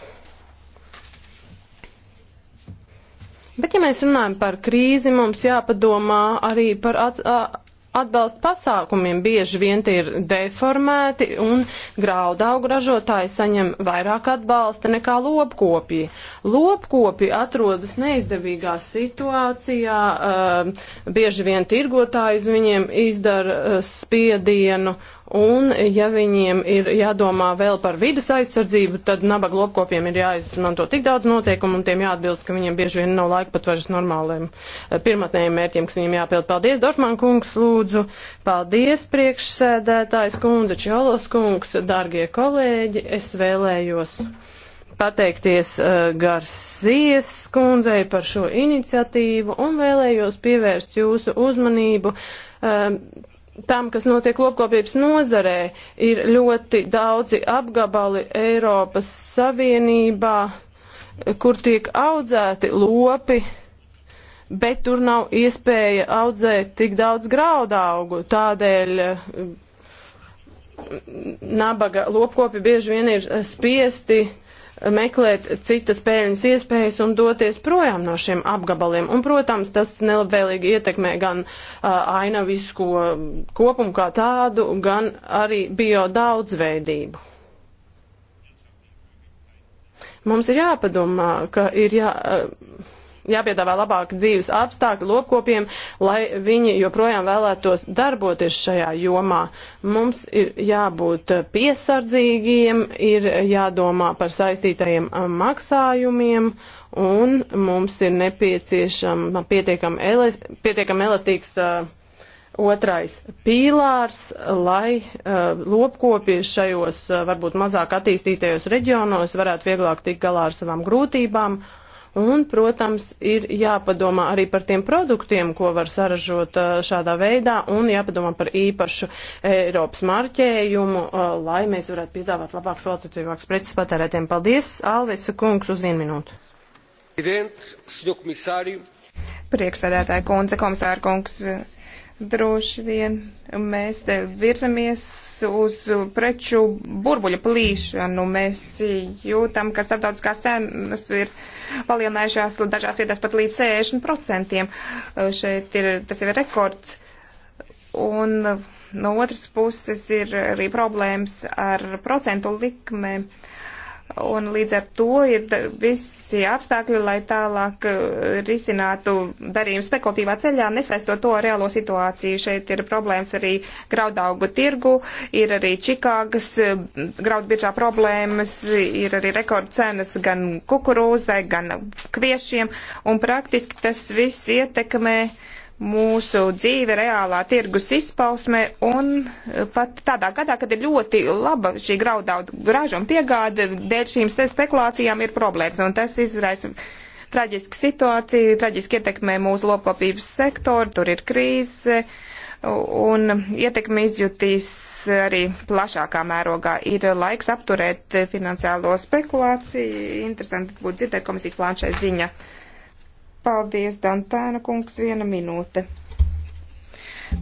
S1: Bet, ja mēs runājam par krīzi, mums jāpadomā arī par at, a, atbalsta pasākumiem bieži vien tie ir deformēti un graudaugu ražotāji saņem vairāk atbalsta nekā lopkopji. Lopkopji atrodas neizdevīgā situācijā, eh, bieži vien tirgotāji uz viņiem izdara eh, spiedienu Un, ja viņiem ir jādomā vēl par vidas aizsardzību, tad nabaga lopkopiem ir jāizmanto tik daudz noteikumu un tiem jāatbilst, ka viņiem bieži vien nav laika pat vairs normāliem eh, pirmatnējiem mērķiem, kas viņiem jāpild. Paldies, Dorfman kungs, lūdzu. Paldies, priekšsēdētājs kundze, Čolos kungs, dārgie kolēģi. Es vēlējos pateikties uh, eh, Garcijas kundzei par šo iniciatīvu un vēlējos pievērst jūsu uzmanību. Uh, tam, kas notiek lopkopības nozarē, ir ļoti daudzi apgabali Eiropas Savienībā, kur tiek audzēti lopi, bet tur nav iespēja audzēt tik daudz graudaugu. Tādēļ mm, nabaga lopkopi bieži vien ir spiesti meklēt citas pēļņas iespējas un doties projām no šiem apgabaliem. Un, protams, tas nelabvēlīgi ietekmē gan uh, ainavisko kopumu kā tādu, gan arī bio daudzveidību. Mums ir jāpadomā, ka ir jā. Uh, jāpiedāvā labāki dzīves apstākļi lopkopiem, lai viņi joprojām vēlētos darboties šajā jomā. Mums ir jābūt piesardzīgiem, ir jādomā par saistītajiem um, maksājumiem un mums ir nepieciešama pietiekami elast, pietiekam elastīgs uh, otrais pīlārs, lai uh, lopkopie šajos uh, varbūt mazāk attīstītajos reģionos varētu vieglāk tikt galā ar savām grūtībām Un, protams, ir jāpadomā arī par tiem produktiem, ko var saražot uh, šādā veidā, un jāpadomā par īpašu Eiropas marķējumu, uh, lai mēs varētu piedāvāt labāks, kvalitatīvāks preces patērētiem. Paldies, Alvisa kungs, uz vienu minūtu.
S2: Priekšsēdētāja kundze, komisāra kungs, droši vien mēs virzamies uz preču burbuļa plīšanu. Mēs jūtam, ka starptautiskās cenas ir palielinājušās dažās vietās pat līdz 60%. Šeit ir, tas ir rekords. Un no otras puses ir arī problēmas ar procentu likmēm. Un līdz ar to ir visi apstākļi, lai tālāk eh, risinātu darījumu spekulatīvā ceļā, nesaistot to ar reālo situāciju. Šeit ir problēmas arī graudaugu tirgu, ir arī Čikāgas eh, graudbiržā problēmas, ir arī rekordcenas gan kukurūzai, gan kviešiem, un praktiski tas viss ietekmē uh, mūsu dzīve reālā tirgus izpausmē, un eh, pat tādā gadā, kad ir ļoti laba šī graudaudu ražuma piegāde, dēļ šīm spekulācijām ir problēmas, un tas izraisa traģisku situāciju, traģiski ietekmē mūsu lopkopības sektoru, tur ir krīze, un ietekmi izjutīs arī plašākā mērogā. Ir laiks apturēt finansiālo spekulāciju. Interesanti būtu dzirdēt komisijas plānu šai ziņai. Paldies, Dantēna kungs, viena minūte.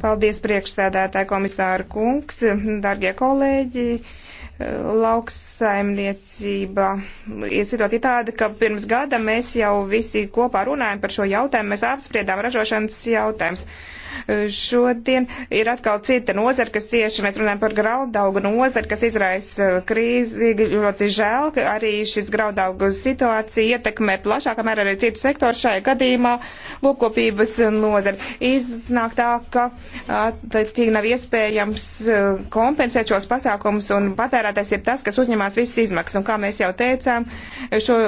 S2: Paldies, priekšsēdētāja komisāra kungs, dargie kolēģi lauksaimniecība. Ir situācija tāda, ka pirms gada mēs jau visi kopā runājam par šo jautājumu, mēs apspriedām ražošanas jautājumus. Šodien ir atkal cita nozara, kas cieši, mēs runājam par graudaugu nozara, kas izraisa krīzi, ļoti žēl, ka arī šis graudaugu situācija ietekmē plašākā mērā arī citu sektoru šajā gadījumā lopkopības nozara. Iznāk tā, ka attiecīgi nav iespējams kompensēt šos pasākumus un patērētais ir tas, kas uzņemās visas izmaksas. Un kā mēs jau teicām, šo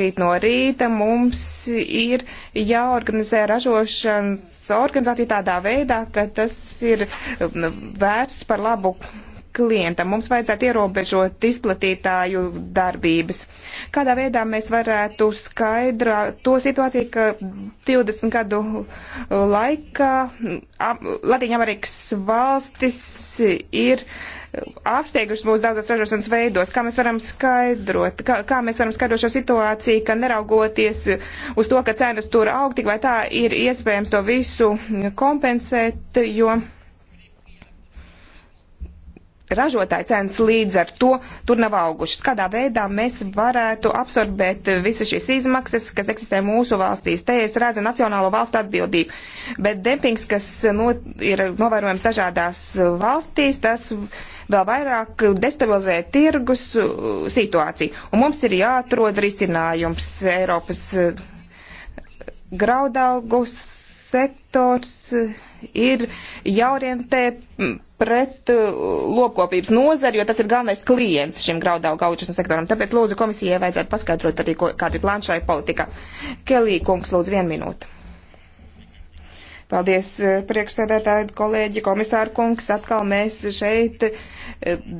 S2: rīt no rīta mums ir jāorganizē ražošanas organizāciju tādā veidā, ka tas ir um, vērsts par labu klientam. Mums vajadzētu ierobežot izplatītāju darbības. Kādā veidā mēs varētu skaidrā to situāciju, ka 20 gadu laikā Latīņamerikas valstis ir apsteigušas mūsu daudzos ražošanas veidos, kā mēs varam skaidrot, kā, kā mēs varam skaidrot šo situāciju, ka neraugoties uz to, ka cenas tur aug, tik vai tā ir iespējams to visu kompensēt, jo ražotāji cenas līdz ar to tur nav augušas. Kādā veidā mēs varētu absorbēt visas šīs izmaksas, kas eksistē mūsu valstīs? Te es redzu nacionālo valstu atbildību, bet dempings, kas no, ir novērojams dažādās valstīs, tas vēl vairāk destabilizē tirgus situāciju. Un mums ir jāatrod risinājums Eiropas eh, graudaugus sektors eh, ir jāorientē pret uh, lopkopības nozari, jo tas ir galvenais klients šim graudau gaučas sektoram. Tāpēc lūdzu komisijai vajadzētu paskaidrot arī, kāda ir plāna šai politikā. Kelī kungs, lūdzu, vienu minūtu. Paldies, uh, priekšsēdētāji, kolēģi, komisāra kungs. Atkal mēs šeit uh,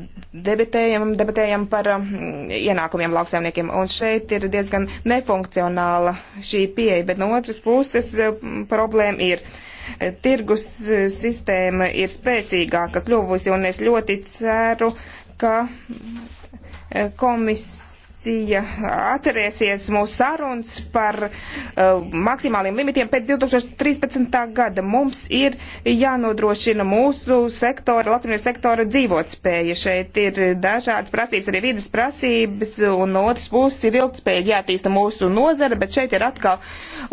S2: debatējam, debatējam par um, ienākumiem lauksaimniekiem. Un šeit ir diezgan nefunkcionāla šī pieeja, bet no otras puses problēma ir tirgus e, sistēma ir spēcīgāka kļuvusi, un es ļoti ceru, ka e, komisija komisija atcerēsies mūsu sarunas par uh, maksimāliem limitiem pēc 2013. gada. Mums ir jānodrošina mūsu sektora, Latvijas sektora dzīvotspēja. Šeit ir dažādas prasības, arī vidas prasības, un no otras puses ir ilgtspējīgi jātīsta mūsu nozara, bet šeit ir atkal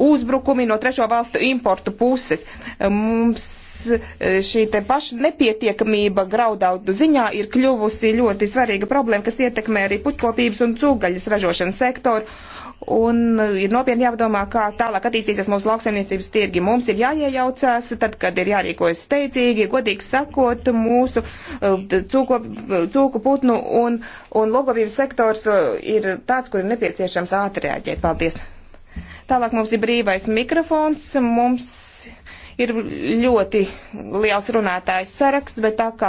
S2: uzbrukumi no trešo valstu importu puses. Mums šī te paša nepietiekamība graudaudu ziņā ir kļuvusi ļoti svarīga problēma, kas ietekmē arī putkopības un cūgaļas ražošanas sektoru. Un ir nopietni jāpadomā, kā tālāk attīstīsies mūsu lauksaimniecības tirgi. Mums ir jāiejaucās, tad, kad ir jārīkojas steidzīgi, godīgi sakot, mūsu uh, cūko, uh, cūku putnu un, un logobības sektors uh, ir tāds, kur ir nepieciešams ātri rēģēt. Paldies! Tālāk mums ir brīvais mikrofons. Mums Ir ļoti liels runātājs saraksts, bet tā kā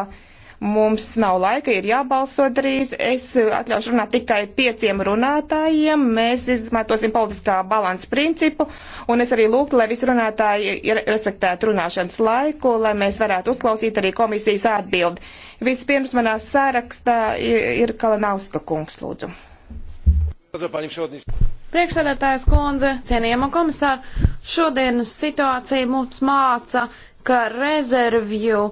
S2: mums nav laika, ir jābalso drīz, es atļaušu runāt tikai pieciem runātājiem. Mēs izmantosim politiskā balanss principu, un es arī lūgtu, lai visi runātāji respektētu runāšanas laiku, lai mēs varētu uzklausīt arī komisijas atbildi. Vispirms manā sārakstā ir Kalanauska kungs, lūdzu.
S3: Pani przewodnicząca!
S2: Priekšsēdētājas
S3: kundze, cienījama komisāra, šodienas situācija mums māca, ka rezervju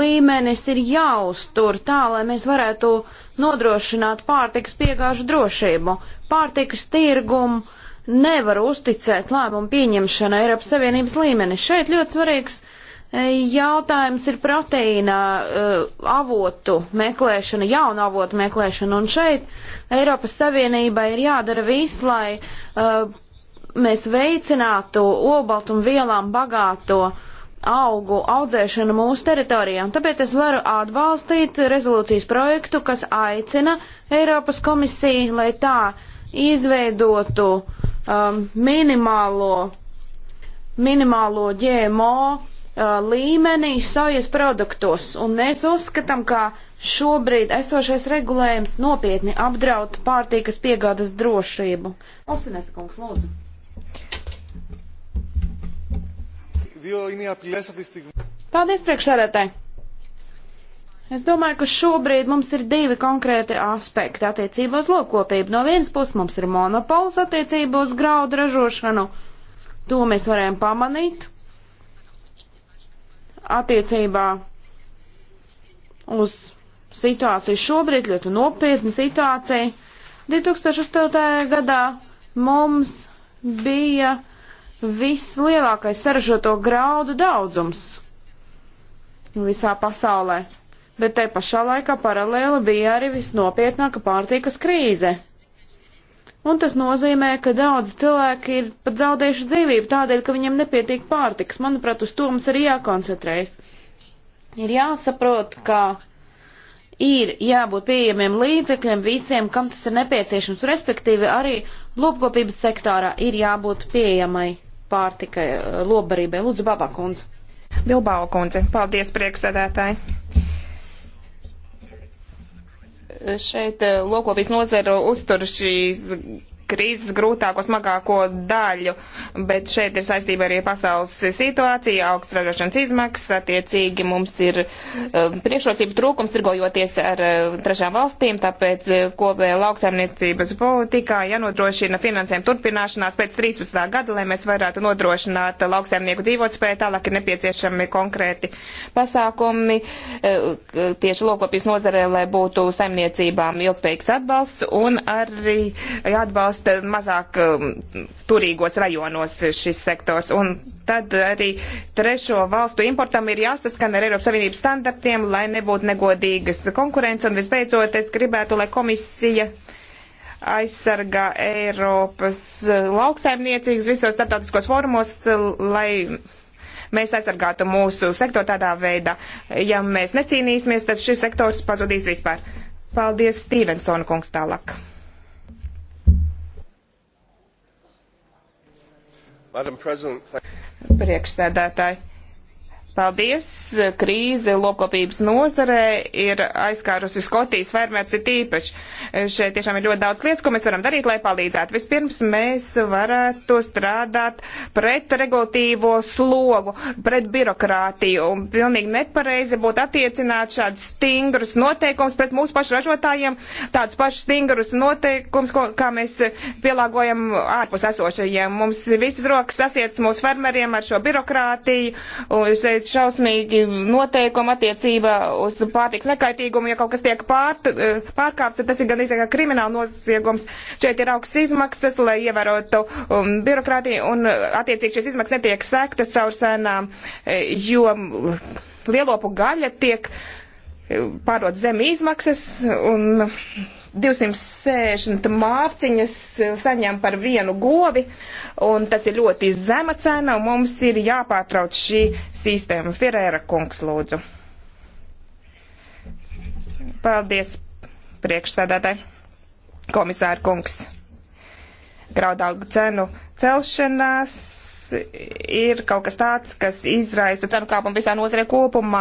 S3: līmenis ir jāuztur tā, lai mēs varētu nodrošināt pārtikas piegāžu drošību. Pārtikas tirgumu nevar uzticēt lēmumu pieņemšana Eiropas Savienības līmeni. Šeit ļoti svarīgs Jautājums ir proteīna eh, avotu meklēšana, jaunu avotu meklēšana, un šeit Eiropas Savienībai ir jādara viss, lai eh, mēs veicinātu olbaltumvielām bagāto augu audzēšanu mūsu teritorijā. Tāpēc es varu atbalstīt rezolūcijas projektu, kas aicina Eiropas komisiju, lai tā izveidotu um, minimālo, minimālo GMO Uh, līmenī sojas produktos, un mēs uzskatām, ka šobrīd esošais regulējums nopietni apdraud pārtīkas piegādes drošību. Osines kungs, lūdzu. Paldies priekšsēdētāji. Es domāju, ka šobrīd mums ir divi konkrēti aspekti attiecībā uz lopkopību. No vienas puses mums ir monopols attiecībā uz graudu ražošanu. To mēs varējām pamanīt attiecībā uz situāciju šobrīd, ļoti nopietna situācija. 2008. gadā mums bija vislielākais saražoto graudu daudzums visā pasaulē, bet te pašā laikā paralēli bija arī visnopietnāka pārtīkas krīze. Un tas nozīmē, ka daudzi cilvēki ir pat zaudējuši dzīvību tādēļ, ka viņiem nepietiek pārtiks. Manuprāt, uz to mums arī jākoncentrējas. Ir jāsaprot, ka ir jābūt pieejamiem līdzekļiem visiem, kam tas ir nepieciešams, respektīvi arī lopkopības sektārā ir jābūt pieejamai pārtikai, eh, lobbarībai. Lūdzu, Babakundze. Bilbao
S2: kundze, paldies priekšsēdētāji šeit eh, lokopīs nozara uztur šīs krīzes grūtāko, smagāko daļu, bet šeit ir saistība arī pasaules situācija, augsts ražošanas izmaksas, attiecīgi mums ir um, priekšrocība trūkums tirgojoties ar uh, trešām valstīm, tāpēc uh, kopējā lauksaimniecības politikā jānodrošina finansējuma turpināšanās pēc 13. gada, lai mēs varētu nodrošināt lauksaimnieku dzīvotspēju, tālāk ir nepieciešami konkrēti pasākumi uh, tieši lokopijas nozarē, lai būtu saimniecībām ilgspējīgs atbalsts un arī atbalsts jāatbalsta mazāk um, turīgos rajonos šis sektors. Un tad arī trešo valstu importam ir jāsaskan ar Eiropas Savienības standartiem, lai nebūtu negodīgas konkurences. Un visbeidzot, es gribētu, lai komisija aizsargā Eiropas uh, lauksaimniecības visos starptautiskos formos, uh, lai mēs aizsargātu mūsu sektoru tādā veidā. Ja mēs necīnīsimies, tad šis sektors pazudīs vispār. Paldies, Stevensona kungs, tālāk. Priekšsēdētāji. Paldies! Krīze lopkopības nozarē ir aizkārusi Skotijas fermērs ir tīpaši. Šeit tiešām ir ļoti daudz lietas, ko mēs varam darīt, lai palīdzētu. Vispirms mēs varētu strādāt pret regulatīvo slogu, pret birokrātiju. Un pilnīgi nepareizi būtu attiecināt šādus stingrus noteikumus pret mūsu pašu ražotājiem, tādus pašus stingrus noteikumus, kā mēs pielāgojam ārpus esošajiem. Mums visas rokas sasiec mūsu fermeriem ar šo birokrātiju. Un, šeit, ir šausmīgi noteikumi attiecībā uz pārtiks nekaitīgumu. Ja kaut kas tiek pārt, eh, pārkāpts, tad tas ir gandrīz kā krimināla noziegums. Šeit ir augsts izmaksas, lai ievērotu um, birokrātiju, un eh, attiecīgi šīs izmaksas netiek sektas caur sēnām, eh, jo lielopu gaļa tiek pārdot zem izmaksas. Un, 260 mārciņas eh, saņem par vienu govi, un tas ir ļoti zema cena, un mums ir jāpārtrauc šī sistēma. Ferēra kungs, lūdzu. Paldies, priekšsēdētāji. Komisāra kungs. Graudaugu cenu celšanās ir kaut kas tāds, kas izraisa cenu kāpumu visā nozarē kopumā.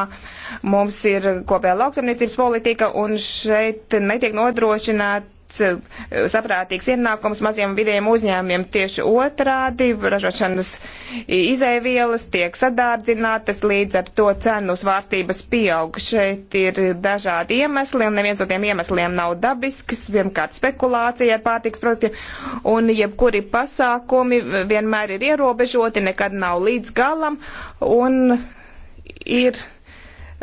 S2: Mums ir kopējā lauksamniecības politika, un šeit netiek nodrošināta Eh, saprātīgs ienākums maziem vidiem uzņēmiem tieši otrādi. Ražošanas izēvielas tiek sadārdzinātas, līdz ar to cenu svārstības pieaug. Šeit ir dažādi iemesli, un neviens no tiem iemesliem nav dabisks. Pirmkārt, spekulācija ar pārtiks produktiem, un jebkuri pasākumi vienmēr ir ierobežoti, nekad nav līdz galam, un ir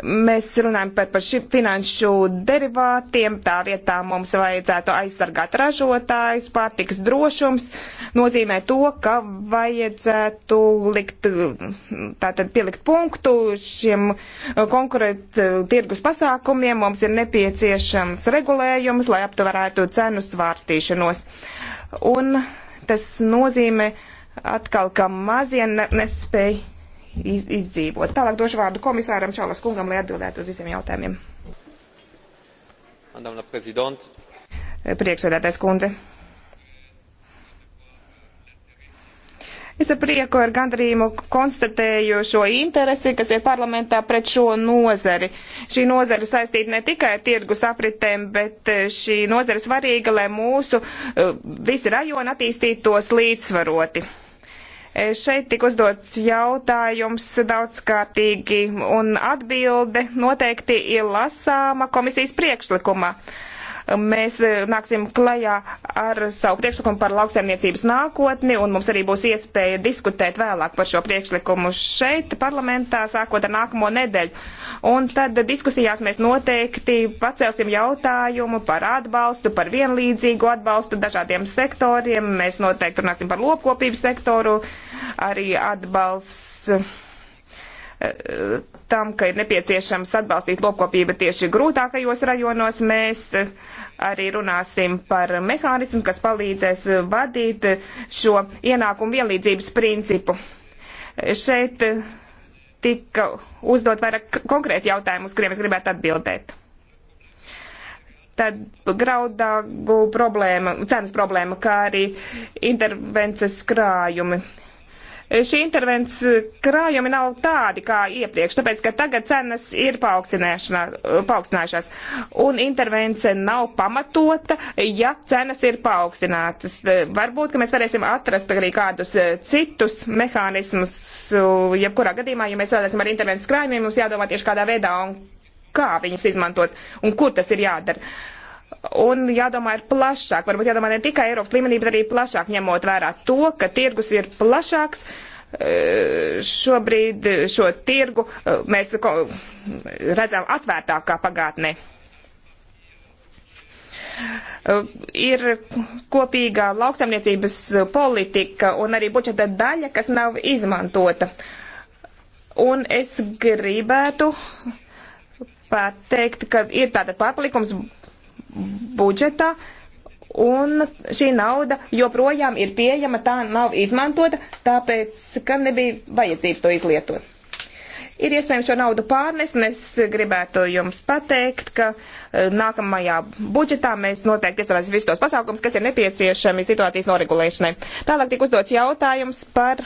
S2: Mēs runājam par, par šiem finanšu derivātiem, tā vietā mums vajadzētu aizsargāt ražotājus, pārtiks drošums nozīmē to, ka vajadzētu likt, tātad pielikt punktu šiem konkurēt eh, tirgus pasākumiem, mums ir nepieciešams regulējums, lai aptvarētu cenu svārstīšanos. Un tas nozīmē atkal, ka mazie nespēja iz, izdzīvot. Tālāk došu vārdu komisāram Čalas kungam, lai atbildētu uz visiem jautājumiem. Prieksēdētais kundze. Es ar prieku ar gandarījumu konstatēju šo interesi, kas ir parlamentā pret šo nozari. Šī nozara saistīta ne tikai ar tirgus apritēm, bet eh, šī nozara svarīga, lai mūsu eh, visi rajoni attīstītos līdzsvaroti. E, šeit tika uzdots jautājums daudzkārtīgi, un atbilde noteikti ir lasāma komisijas priekšlikumā. Uh, mēs eh, nāksim klajā ar savu priekšlikumu par lauksaimniecības nākotni, un mums arī būs iespēja diskutēt vēlāk par šo priekšlikumu šeit parlamentā, sākot ar nākamo nedēļu. Un tad diskusijās mēs noteikti pacelsim jautājumu par atbalstu, par vienlīdzīgu atbalstu dažādiem sektoriem. Mēs noteikti runāsim par lopkopības sektoru, arī atbalsts tam, ka ir nepieciešams atbalstīt lopkopību tieši grūtākajos rajonos. Mēs arī runāsim par mehānismu, kas palīdzēs vadīt šo ienākumu vienlīdzības principu. Šeit tika uzdot vairāk konkrēti jautājumi, uz kuriem es gribētu atbildēt. Tad graudāgu problēma, cenas problēma, kā arī intervences krājumi šī intervences krājumi nav tādi kā iepriekš, tāpēc, ka tagad cenas ir paaugstinājušās. Un intervence nav pamatota, ja cenas ir paaugstinātas. Varbūt, ka mēs varēsim atrast arī kādus eh, citus mehānismus, jebkurā gadījumā, ja mēs vēlēsim ar intervences krājumiem, mums jādomā tieši kādā veidā un kā viņus izmantot un kur tas ir jādara. Un jādomā ir plašāk, varbūt jādomā ne tikai Eiropas līmenī, bet arī plašāk ņemot vērā to, ka tirgus ir plašāks. Eh, šobrīd šo tirgu eh, mēs redzam atvērtākā pagātnē eh, ir kopīgā lauksaimniecības politika un arī budžeta daļa, kas nav izmantota. Un es gribētu pateikt, ka ir tāda pārpalikums budžetā, un šī nauda joprojām ir pieejama, tā nav izmantota, tāpēc, ka nebija vajadzības to izlietot. Ir iespējams šo naudu pārnest, un es gribētu jums pateikt, ka e, nākamajā budžetā mēs noteikti iestrādāsim visus tos pasākums, kas ir nepieciešami situācijas noregulēšanai. Tālāk tika uzdots jautājums par,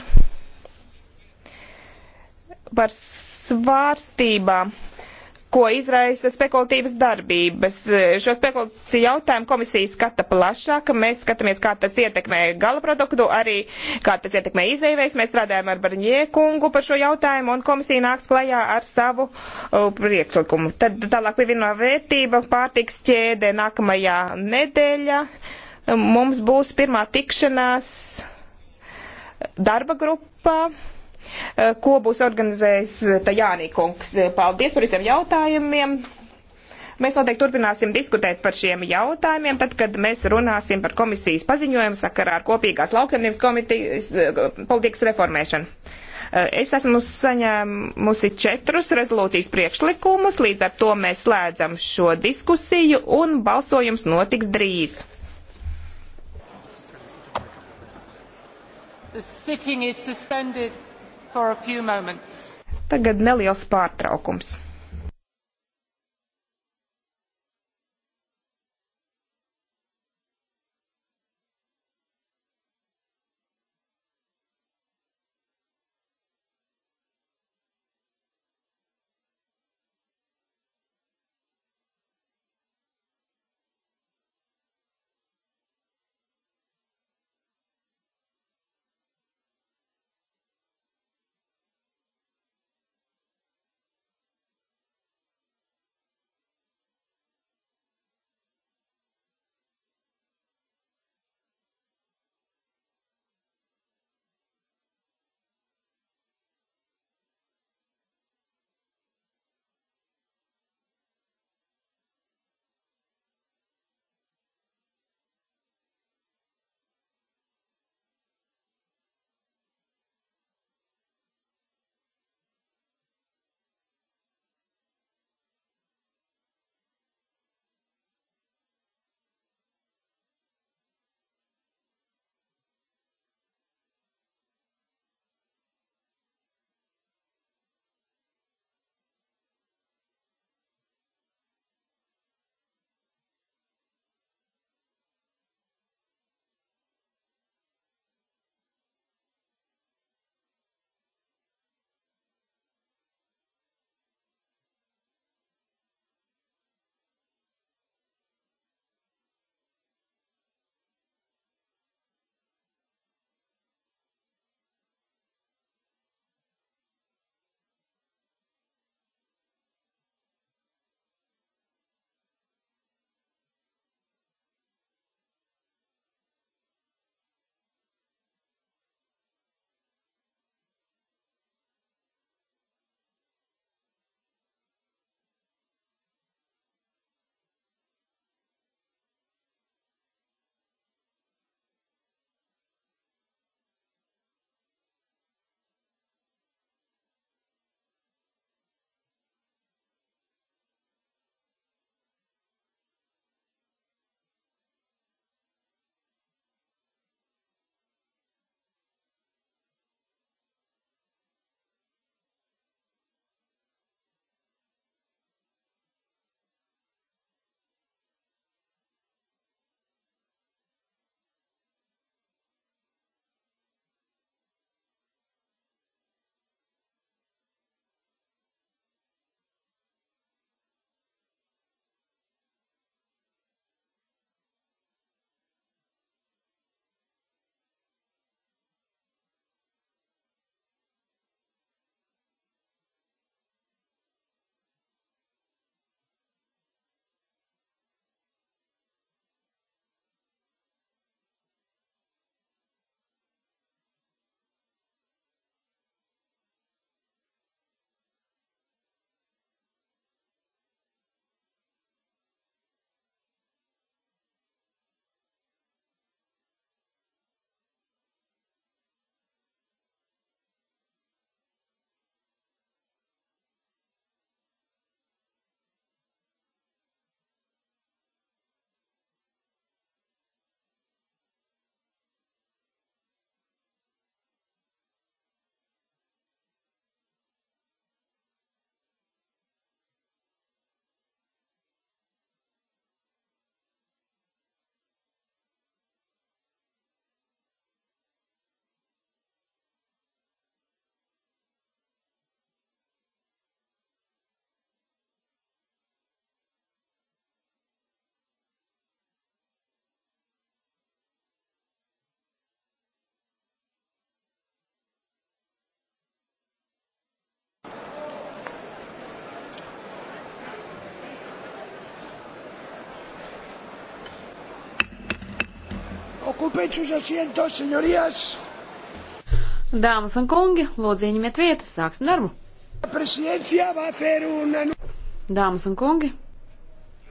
S2: par svārstībām ko izraisa spekulatīvas darbības. Šo spekulāciju jautājumu komisija skata plašāk. Mēs skatāmies, kā tas ietekmē gala produktu, arī kā tas ietekmē izēvējs. Mēs strādājam ar Barņie kungu par šo jautājumu, un komisija nāks klajā ar savu uh, priekšlikumu. Tad tālāk pievienot vērtība pārtiks ķēdē nākamajā nedēļā. Mums būs pirmā tikšanās darba grupā Eh, ko būs organizējis eh, Tajānī kungs. Eh, paldies par visiem jautājumiem. Mēs noteikti turpināsim diskutēt par šiem jautājumiem, tad, kad mēs runāsim par komisijas paziņojumu sakarā ar kopīgās lauksaimniecības komitejas politikas reformēšanu. Es esmu saņēmusi četrus rezolūcijas priekšlikumus, līdz ar to mēs slēdzam šo diskusiju un balsojums notiks drīz.
S1: The sitting is suspended.
S2: Tagad neliels pārtraukums.
S1: Ocupen sus asientos, señorías.
S3: Dāmas un kungi, lūdzu ieņemiet vietas, sāksim darbu. Nu- Dāmas un kungi,